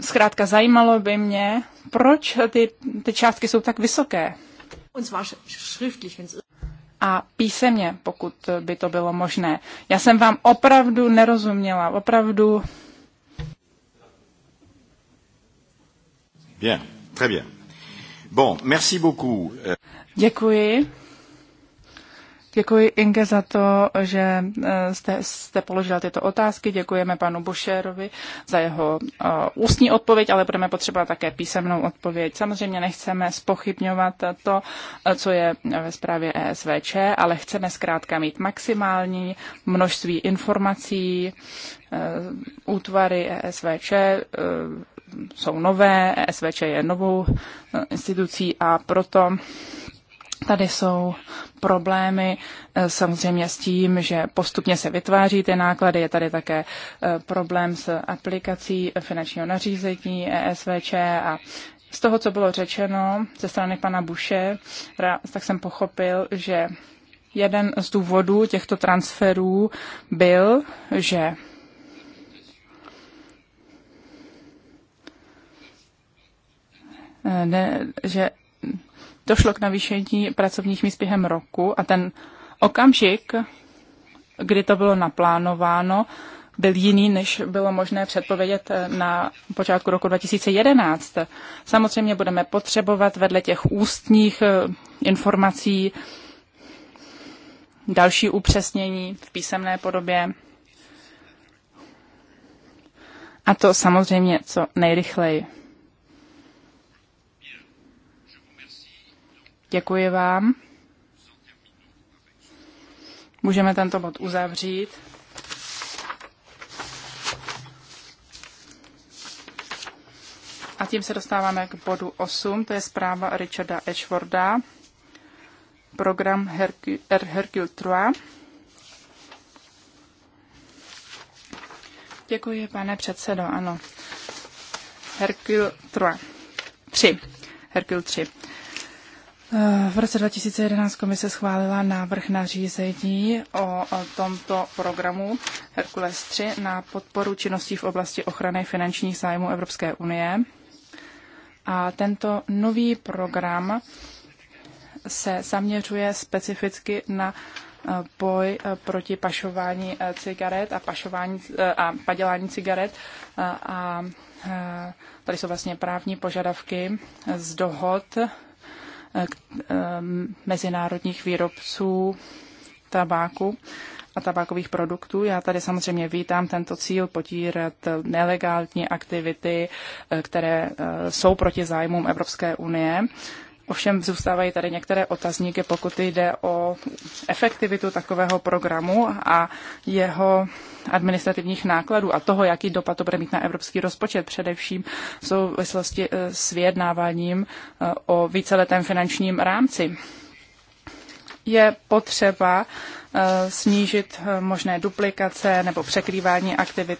zkrátka zajímalo by mě, proč ty, ty částky jsou tak vysoké. A písemně, pokud by to bylo možné. Já jsem vám opravdu nerozuměla, opravdu Euh, Děkuji. Děkuji Inge za to, že eh, jste, jste položila tyto otázky. Děkujeme panu Bošerovi za jeho uh, ústní odpověď, ale budeme potřebovat také písemnou odpověď. Samozřejmě nechceme spochybňovat to, eh, co je ve zprávě ESVČ, ale chceme zkrátka mít maximální množství informací, útvary ESVČ jsou nové, SVČ je novou eh, institucí a proto Tady jsou problémy eh, samozřejmě s tím, že postupně se vytváří ty náklady. Je tady také eh, problém s aplikací finančního nařízení ESVČ a z toho, co bylo řečeno ze strany pana Buše, tak jsem pochopil, že jeden z důvodů těchto transferů byl, že ne, že došlo k navýšení pracovních míst během roku a ten okamžik, kdy to bylo naplánováno, byl jiný, než bylo možné předpovědět na počátku roku 2011. Samozřejmě budeme potřebovat vedle těch ústních eh, informací další upřesnění v písemné podobě. A to samozřejmě co nejrychleji. Děkuji vám. Můžeme tento bod uzavřít. A tím se dostáváme k bodu 8, to je zpráva Richarda Ashforda, program er- Hercule Hercul 3. Děkuji, pane předsedo, ano. Hercule 3. 3. Hercule 3. Eh, v roce 2011 komise schválila návrh na řízení o tomto programu Herkules 3 na podporu činností v oblasti ochrany finančních zájmů Evropské unie. A tento nový program se zaměřuje specificky na eh, boj eh, proti pašování cigaret a, pašování, a padělání cigaret a tady jsou vlastně právní požadavky z dohod Eh, eh, mezinárodních výrobců tabáku a tabákových produktů. Já tady samozřejmě vítám tento cíl potírat nelegální aktivity, eh, které jsou proti zájmům Evropské unie. Ovšem zůstávají tady některé otazníky, pokud jde o efektivitu takového programu a jeho administrativních nákladů a toho, jaký dopad to bude mít na evropský rozpočet, především v souvislosti eh, s vyjednáváním eh, o víceletém finančním rámci je potřeba eh, snížit eh, možné duplikace nebo překrývání aktivit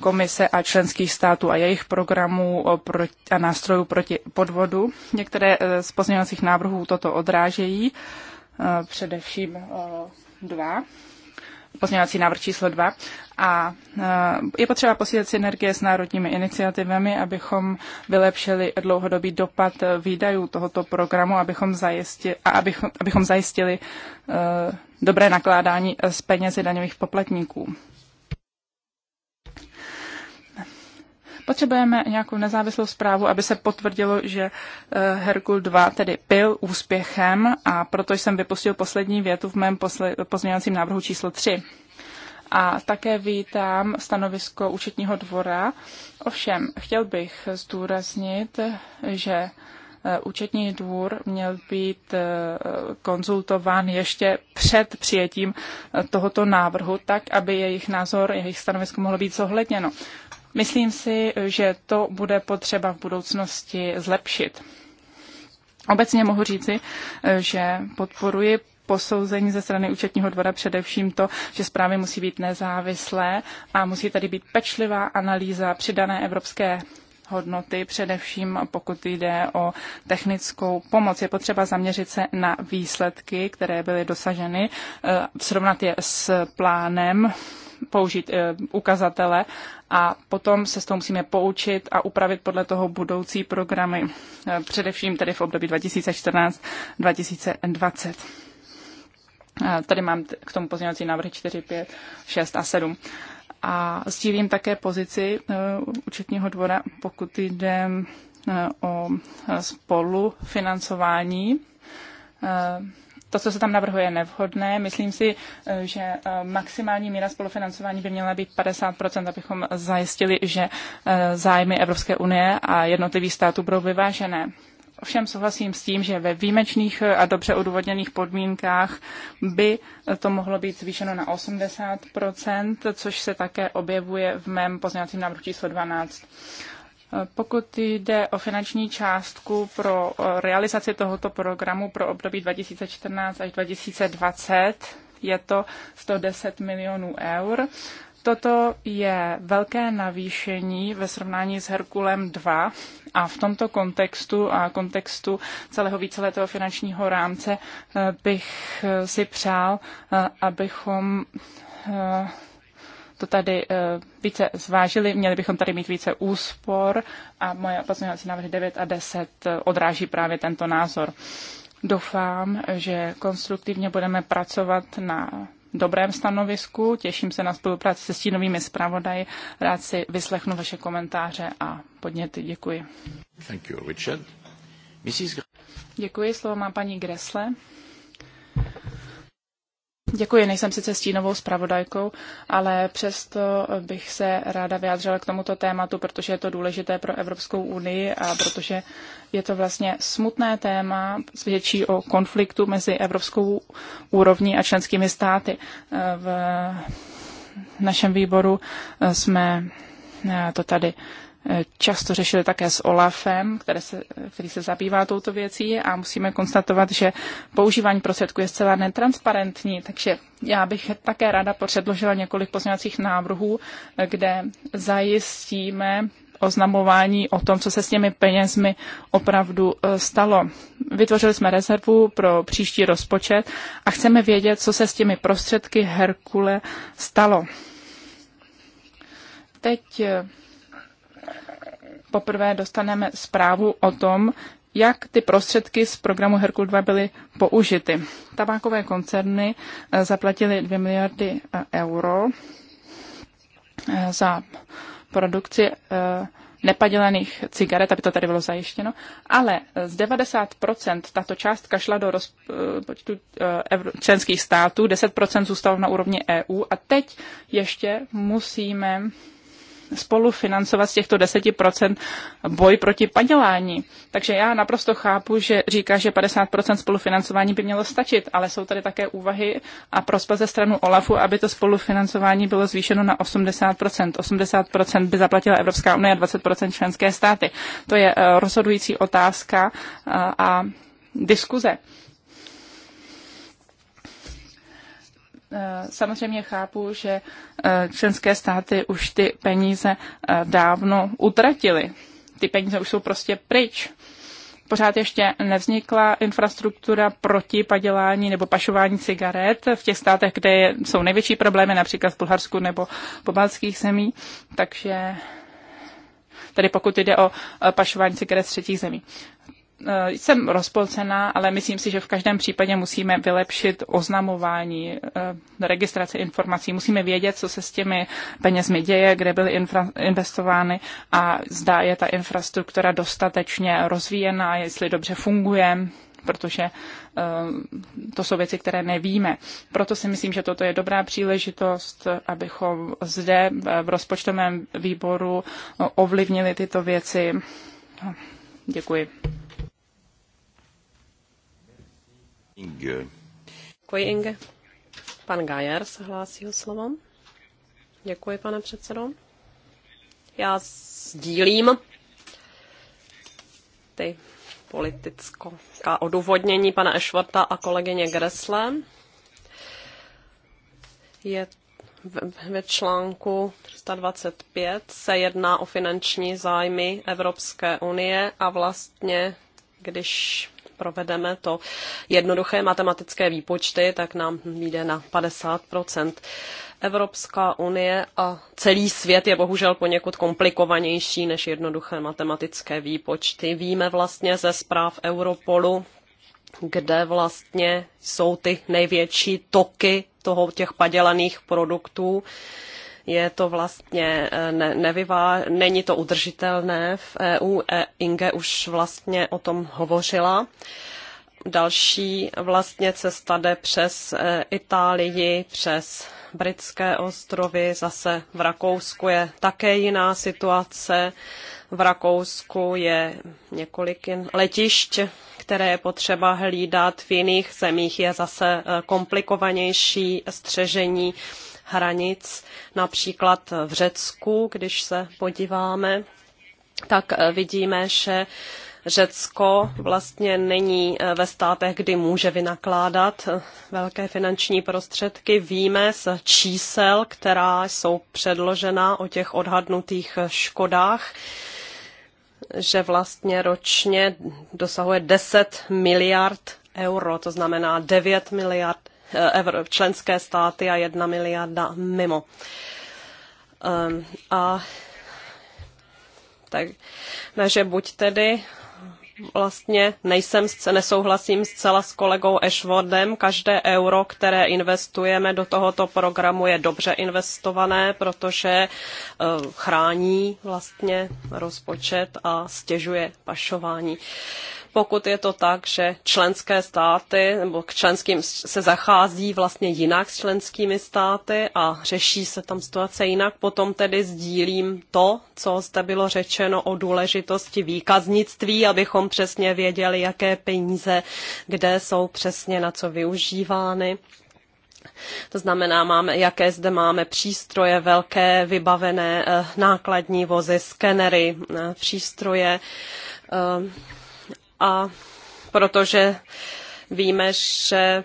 komise a členských států a jejich programů eh, a nástrojů proti podvodu. Některé z pozměňovacích návrhů toto odrážejí, především dva pozměňovací návrh číslo 2. A eh, je potřeba posílit synergie s národními iniciativami, abychom vylepšili dlouhodobý dopad eh, výdajů tohoto programu, abychom zajistili, a abychom, abychom zajistili eh, dobré nakládání s penězi daňových poplatníků. Potřebujeme nějakou nezávislou zprávu, aby se potvrdilo, že eh, Herkul 2 tedy byl úspěchem a proto jsem vypustil poslední větu v mém pozměňovacím návrhu číslo 3. A také vítám stanovisko účetního dvora. Ovšem, chtěl bych zdůraznit, že eh, účetní dvůr měl být eh, konzultován ještě před přijetím tohoto návrhu, tak aby jejich názor, jejich stanovisko mohlo být zohledněno. Myslím si, že to bude potřeba v budoucnosti zlepšit. Obecně mohu říci, že podporuji posouzení ze strany účetního dvora především to, že zprávy musí být nezávislé a musí tady být pečlivá analýza přidané evropské hodnoty, především pokud jde o technickou pomoc. Je potřeba zaměřit se na výsledky, které byly dosaženy, eh, srovnat je s plánem použít eh, ukazatele a potom se s toho musíme poučit a upravit podle toho budoucí programy, eh, především tedy v období 2014-2020. Eh, tady mám k tomu pozměňovací návrhy 4, 5, 6 a 7. A sdílím také pozici eh, účetního dvora, pokud jde o spolufinancování to, co se tam navrhuje, je nevhodné. Myslím si, eh, že eh, maximální míra spolufinancování by měla být 50%, abychom zajistili, že eh, zájmy Evropské unie a jednotlivých států budou vyvážené. Ovšem souhlasím s tím, že ve výjimečných a dobře odůvodněných podmínkách by to mohlo být zvýšeno na 80%, což se také objevuje v mém pozměňovacím návrhu číslo 12. Pokud jde o finanční částku pro eh, realizaci tohoto programu pro období 2014 až 2020, je to 110 milionů eur. Toto je velké navýšení ve srovnání s Herkulem 2 a v tomto kontextu a kontextu celého víceletého finančního rámce eh, bych eh, si přál, abychom to tady eh, více zvážili, měli bychom tady mít více úspor a moje pozměňovací návrhy 9 a 10 eh, odráží právě tento názor. Doufám, že konstruktivně budeme pracovat na dobrém stanovisku. Těším se na spolupráci se stínovými zpravodaji. Rád si vyslechnu vaše komentáře a podněty. Děkuji. Thank you, Richard. Mrs. Děkuji, slovo má paní Gresle. Děkuji, nejsem sice stínovou zpravodajkou, ale přesto bych se ráda vyjádřila k tomuto tématu, protože je to důležité pro Evropskou unii a protože je to vlastně smutné téma, svědčí o konfliktu mezi evropskou úrovní a členskými státy. V našem výboru jsme to tady často řešili také s OLAFem, které se, který se zabývá touto věcí a musíme konstatovat, že používání prostředků je zcela netransparentní, takže já bych také ráda předložila několik pozměňovacích návrhů, kde zajistíme oznamování o tom, co se s těmi penězmi opravdu e, stalo. Vytvořili jsme rezervu pro příští rozpočet a chceme vědět, co se s těmi prostředky Herkule stalo. Teď e, poprvé dostaneme zprávu o tom, jak ty prostředky z programu Herkul 2 byly použity. Tabákové koncerny eh, zaplatili 2 miliardy eh, euro eh, za produkci nepadělených cigaret, aby to tady bylo zajištěno, ale z 90% tato částka šla do rozpočtu členských států, 10% zůstalo na úrovni EU a teď ještě musíme spolufinancovat z těchto 10% boj proti padělání. Takže já naprosto chápu, že říká, že 50% spolufinancování by mělo stačit, ale jsou tady také úvahy a prospa ze stranu OLAFu, aby to spolufinancování bylo zvýšeno na 80%. 80% by zaplatila Evropská unie a 20% členské státy. To je eh, rozhodující otázka eh, a diskuze. Eh, samozřejmě chápu, že eh, členské státy už ty peníze eh, dávno utratily. Ty peníze už jsou prostě pryč. Pořád ještě nevznikla infrastruktura proti padělání nebo pašování cigaret v těch státech, kde jsou největší problémy, například v Bulharsku nebo pobaltských zemí. Takže tedy pokud jde o pašování cigaret z třetích zemí. Eh, jsem rozpolcená, ale myslím si, že v každém případě musíme vylepšit oznamování, eh, registraci informací. Musíme vědět, co se s těmi penězmi děje, kde byly infra- investovány a zdá je ta infrastruktura dostatečně rozvíjená, jestli dobře funguje protože eh, to jsou věci, které nevíme. Proto si myslím, že toto je dobrá příležitost, abychom zde v rozpočtovém výboru ovlivnili tyto věci. Děkuji. Inge. Děkuji, Inge. Pan Gajer se hlásí o slovo. Děkuji, pane předsedo. Já sdílím ty politicko. odůvodnění pana Ešvarta a kolegyně Gresle. Je ve článku 325 se jedná o finanční zájmy Evropské unie a vlastně, když provedeme to jednoduché matematické výpočty, tak nám jde na 50 Evropská unie a celý svět je bohužel poněkud komplikovanější než jednoduché matematické výpočty. Víme vlastně ze zpráv Europolu, kde vlastně jsou ty největší toky toho těch padělaných produktů je to vlastně eh, ne, nevyvá, není to udržitelné v EU. E, Inge už vlastně o tom hovořila. Další vlastně cesta jde přes eh, Itálii, přes britské ostrovy, zase v Rakousku je také jiná situace. V Rakousku je několik letišť, které je potřeba hlídat, v jiných zemích je zase eh, komplikovanější střežení hranic, například v Řecku, když se podíváme, tak eh, vidíme, že Řecko vlastně není eh, ve státech, kdy může vynakládat eh, velké finanční prostředky. Víme z čísel, která jsou předložena o těch odhadnutých škodách, že vlastně ročně dosahuje 10 miliard euro, to znamená 9 miliard Eh, členské státy a jedna miliarda mimo. Ehm, a tak, takže buď tedy vlastně nejsem, nesouhlasím zcela s kolegou Ashwardem. Každé euro, které investujeme do tohoto programu, je dobře investované, protože eh, chrání vlastně rozpočet a stěžuje pašování pokud je to tak, že členské státy nebo k členským se zachází vlastně jinak s členskými státy a řeší se tam situace jinak, potom tedy sdílím to, co zde bylo řečeno o důležitosti výkaznictví, abychom přesně věděli, jaké peníze, kde jsou přesně na co využívány. To znamená, máme, jaké zde máme přístroje, velké vybavené eh, nákladní vozy, skenery, eh, přístroje eh, a protože víme, že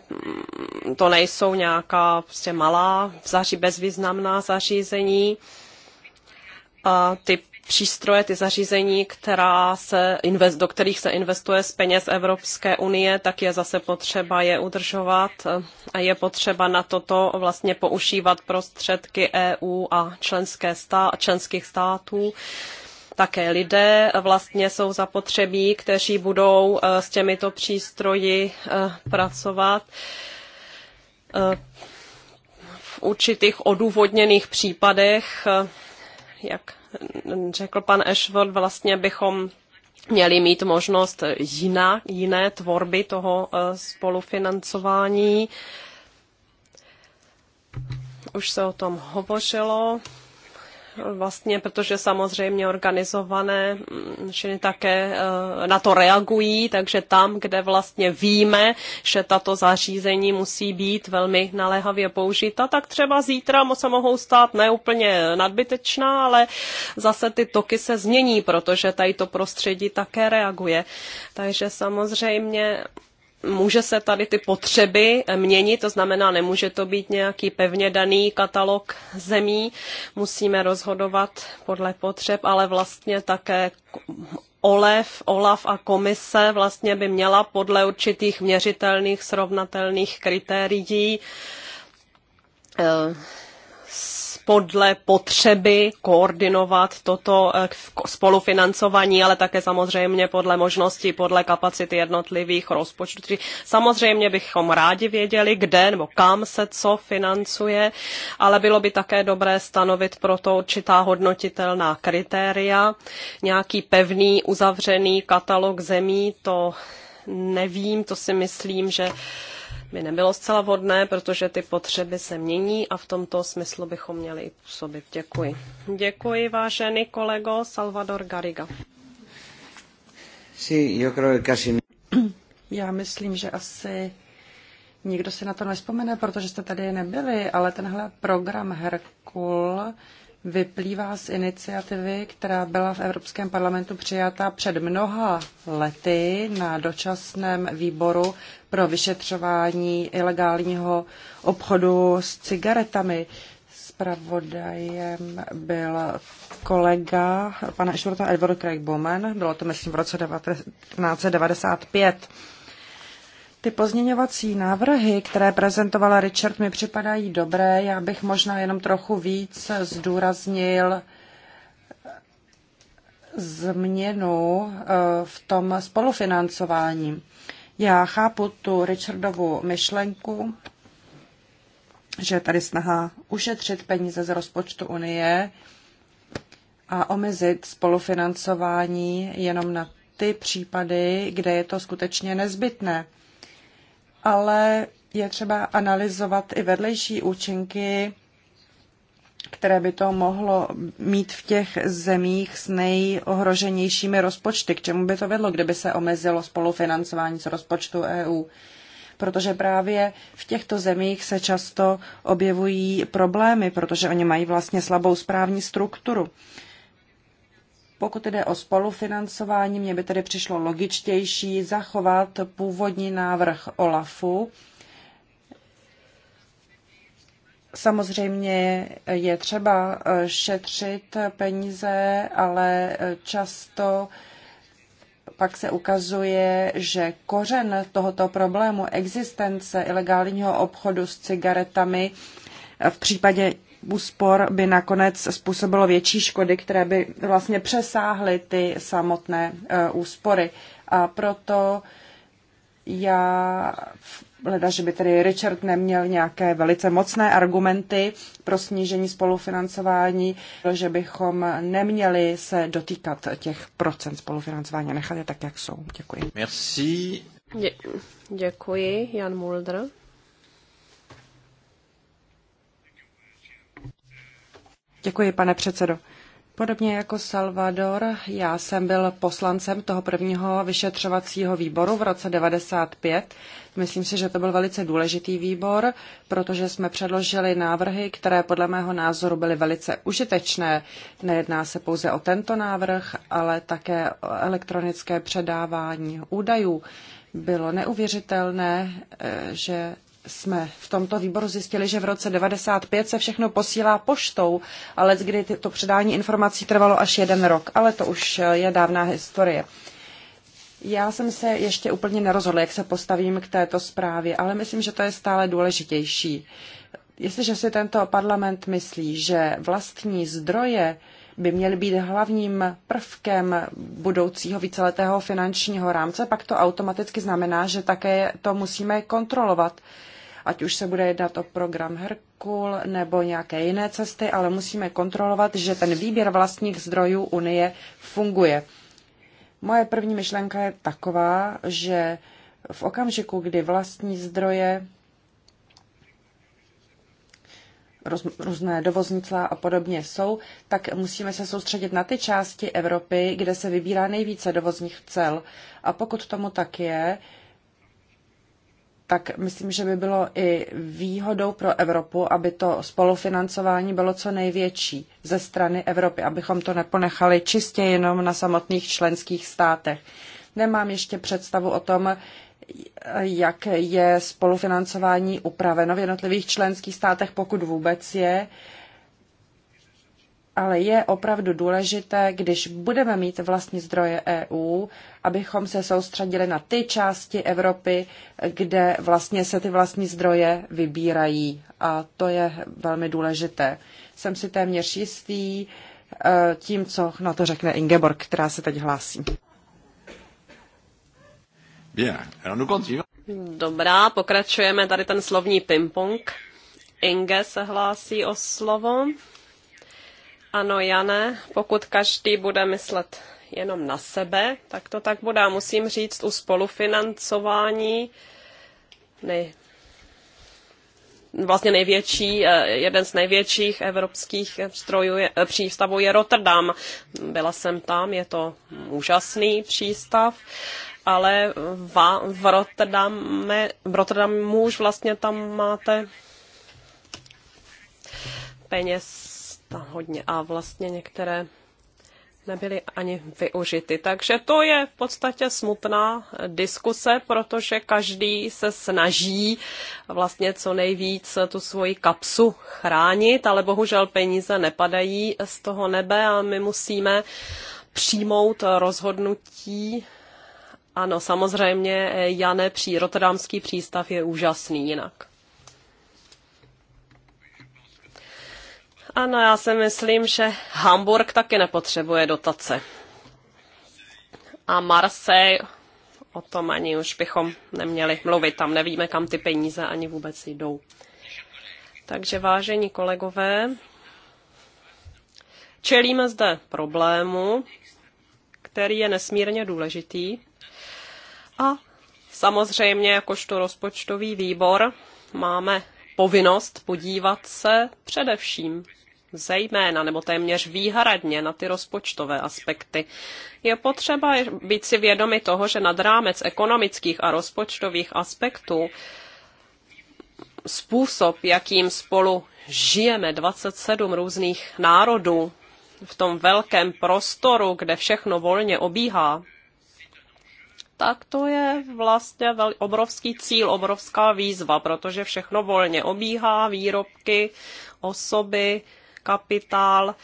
to nejsou nějaká prostě malá, zaří bezvýznamná zařízení. A ty přístroje, ty zařízení, která se invest, do kterých se investuje z peněz Evropské unie, tak je zase potřeba je udržovat a je potřeba na toto vlastně používat prostředky EU a členské stá, členských států také lidé vlastně jsou zapotřebí, kteří budou eh, s těmito přístroji eh, pracovat eh, v určitých odůvodněných případech, jak řekl pan Ashford, vlastně bychom měli mít možnost jiná, jiné tvorby toho spolufinancování. Už se o tom hovořilo vlastně, protože samozřejmě organizované mm, činy také eh, na to reagují, takže tam, kde vlastně víme, že tato zařízení musí být velmi naléhavě použita, tak třeba zítra se mohou stát neúplně nadbytečná, ale zase ty toky se změní, protože tady to prostředí také reaguje. Takže samozřejmě může se tady ty potřeby eh, měnit, to znamená, nemůže to být nějaký pevně daný katalog zemí, musíme rozhodovat podle potřeb, ale vlastně také OLEF, OLAF a komise vlastně by měla podle určitých měřitelných, srovnatelných kritérií s eh, podle potřeby koordinovat toto eh, spolufinancování, ale také samozřejmě podle možnosti, podle kapacity jednotlivých rozpočtů. Samozřejmě bychom rádi věděli, kde nebo kam se co financuje, ale bylo by také dobré stanovit pro to určitá hodnotitelná kritéria, nějaký pevný uzavřený katalog zemí, to nevím, to si myslím, že by nebylo zcela vhodné, protože ty potřeby se mění a v tomto smyslu bychom měli i působit. Děkuji. Děkuji, vážený kolego Salvador Gariga. No. Já myslím, že asi nikdo si na to nespomene, protože jste tady nebyli, ale tenhle program Herkul vyplývá z iniciativy, která byla v Evropském parlamentu přijata před mnoha lety na dočasném výboru pro vyšetřování ilegálního obchodu s cigaretami. Spravodajem byl kolega pana Ešvorta Edward Craig Bowman, bylo to myslím v roce 1995. Ty pozměňovací návrhy, které prezentovala Richard, mi připadají dobré. Já bych možná jenom trochu víc zdůraznil změnu eh, v tom spolufinancování. Já chápu tu Richardovu myšlenku, že je tady snaha ušetřit peníze z rozpočtu Unie a omezit spolufinancování jenom na ty případy, kde je to skutečně nezbytné ale je třeba analyzovat i vedlejší účinky, které by to mohlo mít v těch zemích s nejohroženějšími rozpočty. K čemu by to vedlo, kdyby se omezilo spolufinancování z rozpočtu EU? Protože právě v těchto zemích se často objevují problémy, protože oni mají vlastně slabou správní strukturu. Pokud jde o spolufinancování, mně by tedy přišlo logičtější zachovat původní návrh OLAFu. Samozřejmě je třeba eh, šetřit peníze, ale eh, často pak se ukazuje, že kořen tohoto problému existence ilegálního obchodu s cigaretami v případě úspor by nakonec způsobilo větší škody, které by vlastně přesáhly ty samotné e, úspory. A proto já, leda, že by tedy Richard neměl nějaké velice mocné argumenty pro snížení spolufinancování, že bychom neměli se dotýkat těch procent spolufinancování a nechat je tak, jak jsou. Děkuji. Merci. Dě- děkuji, Jan Mulder. Děkuji, pane předsedo. Podobně jako Salvador, já jsem byl poslancem toho prvního vyšetřovacího výboru v roce 95. Myslím si, že to byl velice důležitý výbor, protože jsme předložili návrhy, které podle mého názoru byly velice užitečné. Nejedná se pouze o tento návrh, ale také o elektronické předávání údajů. Bylo neuvěřitelné, eh, že jsme v tomto výboru zjistili, že v roce 95 se všechno posílá poštou, ale kdy to předání informací trvalo až jeden rok, ale to už eh, je dávná historie. Já jsem se ještě úplně nerozhodla, jak se postavím k této zprávě, ale myslím, že to je stále důležitější. Jestliže si tento parlament myslí, že vlastní zdroje by měly být hlavním prvkem budoucího víceletého finančního rámce, pak to automaticky znamená, že také to musíme kontrolovat ať už se bude jednat o program Herkul nebo nějaké jiné cesty, ale musíme kontrolovat, že ten výběr vlastních zdrojů Unie funguje. Moje první myšlenka je taková, že v okamžiku, kdy vlastní zdroje, různé dovoznicla a podobně jsou, tak musíme se soustředit na ty části Evropy, kde se vybírá nejvíce dovozních cel. A pokud tomu tak je, tak myslím, že by bylo i výhodou pro Evropu, aby to spolufinancování bylo co největší ze strany Evropy, abychom to neponechali čistě jenom na samotných členských státech. Nemám ještě představu o tom, jak je spolufinancování upraveno v jednotlivých členských státech, pokud vůbec je. Uh, ale je opravdu důležité, když budeme mít vlastní zdroje EU, abychom se soustředili na ty části Evropy, kde vlastně se ty vlastní zdroje vybírají. A to je velmi důležité. Jsem si téměř jistý eh, tím, co na to řekne Ingeborg, která se teď hlásí. Dobrá, pokračujeme tady ten slovní ping-pong. Inge se hlásí o slovo. Ano, Jane, pokud každý bude myslet jenom na sebe, tak to tak bude. musím říct, u spolufinancování nej, vlastně největší, eh, jeden z největších evropských strojů je, eh, přístavů je Rotterdam. Byla jsem tam, je to úžasný přístav, ale v, Rotterdame, v Rotterdamu už vlastně tam máte peněz ta hodně a vlastně některé nebyly ani využity. Takže to je v podstatě smutná diskuse, protože každý se snaží vlastně co nejvíc tu svoji kapsu chránit, ale bohužel peníze nepadají z toho nebe a my musíme přijmout rozhodnutí. Ano, samozřejmě eh, Jane, Rotterdamský přístav je úžasný jinak. Ano, já si myslím, že Hamburg taky nepotřebuje dotace. A Marseille, o tom ani už bychom neměli mluvit, tam nevíme, kam ty peníze ani vůbec jdou. Takže vážení kolegové, čelíme zde problému, který je nesmírně důležitý. A samozřejmě, jakožto rozpočtový výbor, máme povinnost podívat se především zejména nebo téměř výhradně na ty rozpočtové aspekty. Je potřeba být si vědomi toho, že nad rámec ekonomických a rozpočtových aspektů způsob, jakým spolu žijeme 27 různých národů v tom velkém prostoru, kde všechno volně obíhá, tak to je vlastně vel, obrovský cíl, obrovská výzva, protože všechno volně obíhá, výrobky, osoby, kapitál,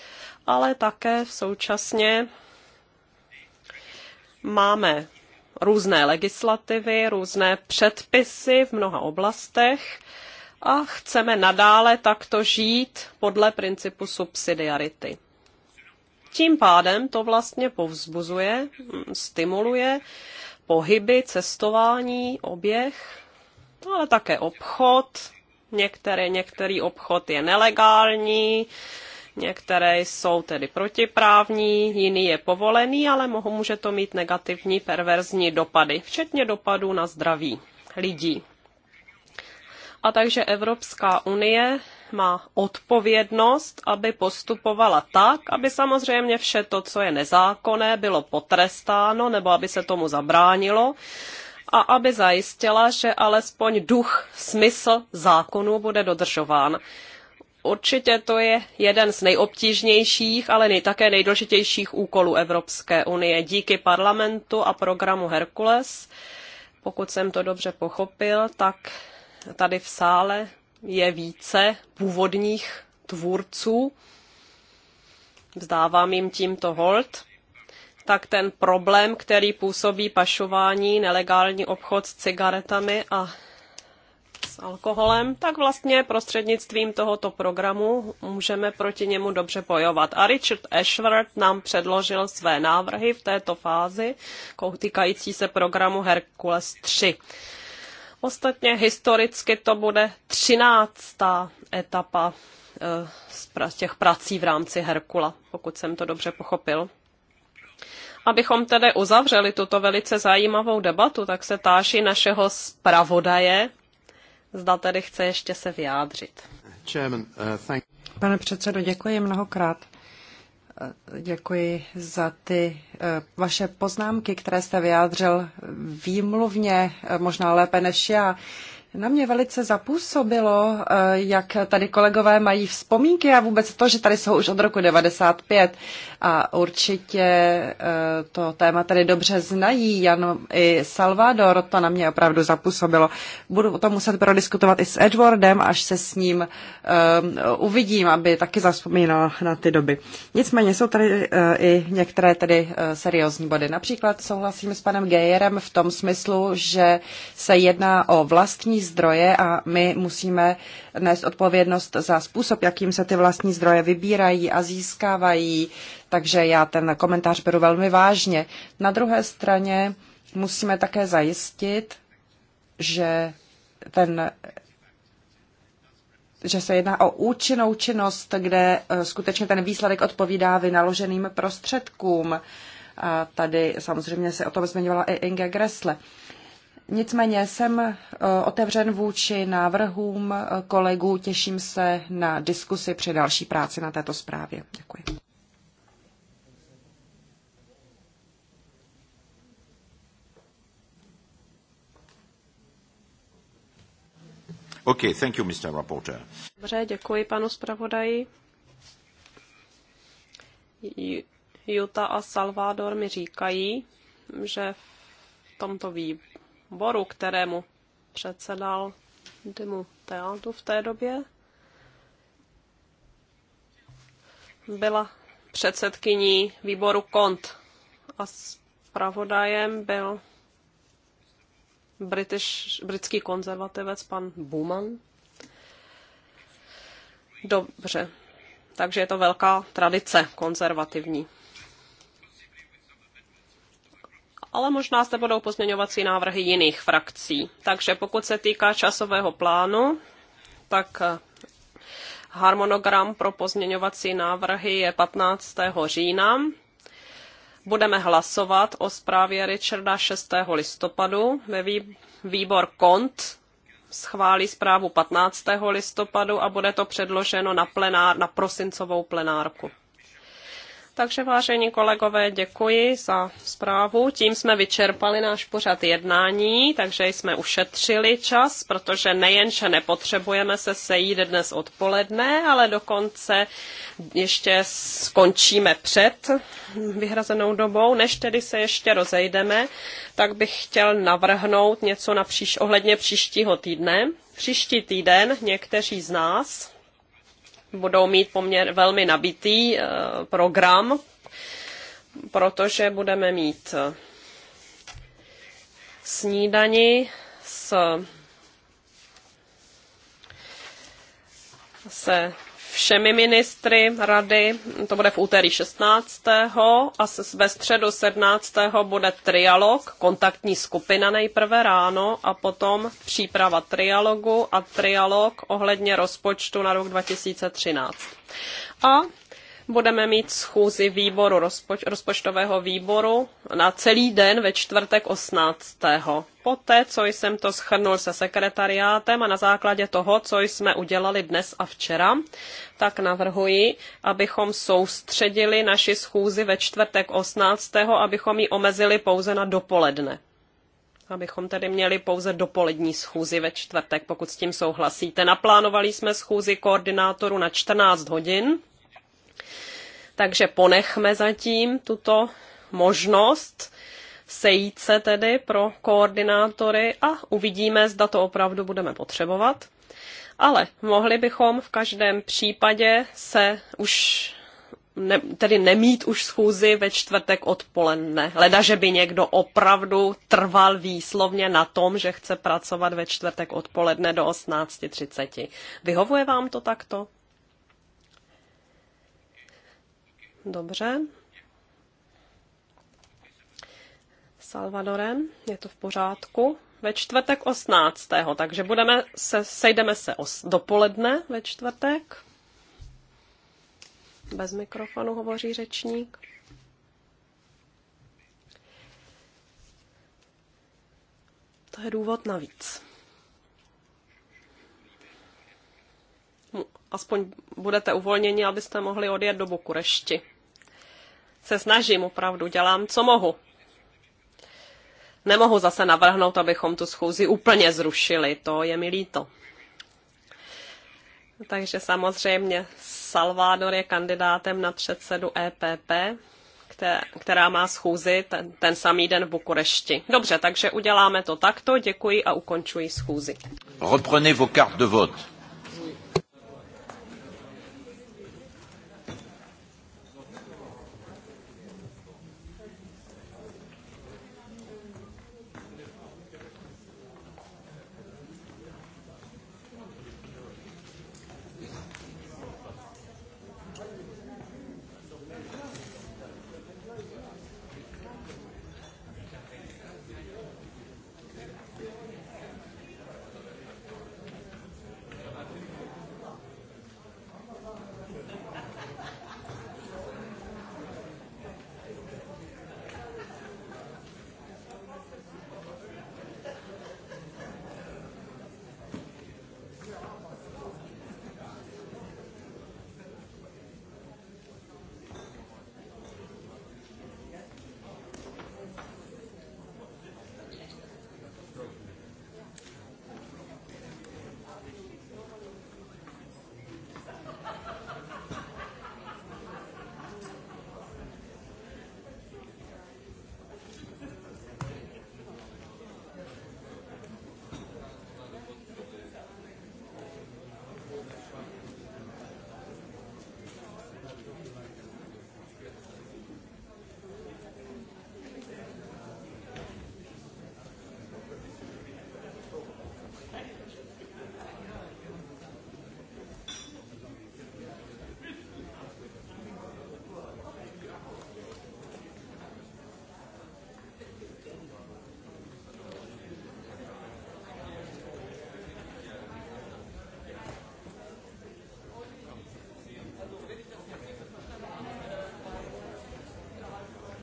ale také v současně máme různé legislativy, různé předpisy v mnoha oblastech a chceme nadále takto žít podle principu subsidiarity. Tím pádem to vlastně povzbuzuje, stimuluje pohyby, cestování, oběh, ale také obchod, Některé, některý obchod je nelegální, některé jsou tedy protiprávní, jiný je povolený, ale mohu, může to mít negativní perverzní dopady, včetně dopadů na zdraví lidí. A takže Evropská unie má odpovědnost, aby postupovala tak, aby samozřejmě vše to, co je nezákonné, bylo potrestáno nebo aby se tomu zabránilo, a aby zajistila, že alespoň duch, smysl zákonu bude dodržován. Určitě to je jeden z nejobtížnějších, ale nej, také nejdůležitějších úkolů Evropské unie. Díky parlamentu a programu Herkules, pokud jsem to dobře pochopil, tak tady v sále je více původních tvůrců. Vzdávám jim tímto hold tak ten problém, který působí pašování, nelegální obchod s cigaretami a s alkoholem, tak vlastně prostřednictvím tohoto programu můžeme proti němu dobře bojovat. A Richard Ashworth nám předložil své návrhy v této fázi, týkající se programu Hercules 3. Ostatně historicky to bude třináctá etapa eh, z těch prací v rámci Herkula, pokud jsem to dobře pochopil. Abychom tedy uzavřeli tuto velice zajímavou debatu, tak se táží našeho zpravodaje, zda tedy chce ještě se vyjádřit. Uh, Pane předsedo, děkuji mnohokrát. Uh, děkuji za ty uh, vaše poznámky, které jste vyjádřil výmluvně, možná lépe než já. Na mě velice zapůsobilo, eh, jak tady kolegové mají vzpomínky a vůbec to, že tady jsou už od roku 95 a určitě eh, to téma tady dobře znají. Jan i Salvador, to na mě opravdu zapůsobilo. Budu to muset prodiskutovat i s Edwardem, až se s ním um, uvidím, aby taky zaspomínal na ty doby. Nicméně jsou tady uh, i některé tedy uh, seriózní body. Například souhlasím s panem Gejerem v tom smyslu, že se jedná o vlastní zdroje a my musíme nést odpovědnost za způsob, jakým se ty vlastní zdroje vybírají a získávají. Takže já ten komentář beru velmi vážně. Na druhé straně musíme také zajistit, že ten že se jedná o účinnou činnost, kde eh, skutečně ten výsledek odpovídá vynaloženým prostředkům. A tady samozřejmě se o tom zmiňovala i Inge Gressle. Nicméně jsem eh, otevřen vůči návrhům eh, kolegů, těším se na diskusi při další práci na této zprávě. Děkuji. Okay, thank you, Mr. Reporter. Dobře, děkuji panu zpravodaji. Juta a Salvador mi říkají, že v tomto výboru boru, kterému předsedal Dymu Teatu v té době, byla předsedkyní výboru KONT a zpravodajem byl British, britský konzervativec pan Buman. Dobře, takže je to velká tradice konzervativní. ale možná zde budou pozměňovací návrhy jiných frakcí. Takže pokud se týká časového plánu, tak eh, harmonogram pro pozměňovací návrhy je 15. října. Budeme hlasovat o zprávě Richarda 6. listopadu ve výbor KONT schválí zprávu 15. listopadu a bude to předloženo na, plenár, na prosincovou plenárku. Takže vážení kolegové, děkuji za zprávu. Tím jsme vyčerpali náš pořad jednání, takže jsme ušetřili čas, protože nejenže nepotřebujeme se sejít dnes odpoledne, ale dokonce ještě skončíme před vyhrazenou dobou. Než tedy se ještě rozejdeme, tak bych chtěl navrhnout něco na příš- ohledně příštího týdne. Příští týden někteří z nás, budou mít poměr velmi nabitý eh, program, protože budeme mít eh, snídani s se všemi ministry rady, to bude v úterý 16. a ve středu 17. bude trialog, kontaktní skupina nejprve ráno a potom příprava trialogu a trialog ohledně rozpočtu na rok 2013. A Budeme mít schůzi výboru, rozpoč, rozpočtového výboru na celý den ve čtvrtek 18. Poté, co jsem to schrnul se sekretariátem a na základě toho, co jsme udělali dnes a včera, tak navrhuji, abychom soustředili naši schůzi ve čtvrtek 18., abychom ji omezili pouze na dopoledne abychom tedy měli pouze dopolední schůzi ve čtvrtek, pokud s tím souhlasíte. Naplánovali jsme schůzi koordinátoru na 14 hodin takže ponechme zatím tuto možnost sejít se tedy pro koordinátory a uvidíme, zda to opravdu budeme potřebovat. Ale mohli bychom v každém případě se už ne, tedy nemít už schůzi ve čtvrtek odpoledne. Leda, že by někdo opravdu trval výslovně na tom, že chce pracovat ve čtvrtek odpoledne do 18.30. Vyhovuje vám to takto? Dobře. Salvadorem, je to v pořádku. Ve čtvrtek 18. Takže budeme se, sejdeme se os, dopoledne ve čtvrtek. Bez mikrofonu hovoří řečník. To je důvod navíc. Aspoň budete uvolněni, abyste mohli odjet do Bukurešti se snažím opravdu, dělám, co mohu. Nemohu zase navrhnout, abychom tu schůzi úplně zrušili, to je mi líto. Takže samozřejmě Salvador je kandidátem na předsedu EPP, která má schůzi ten, ten samý den v Bukurešti. Dobře, takže uděláme to takto. Děkuji a ukončuji schůzi. Reprenez vos cartes de vote.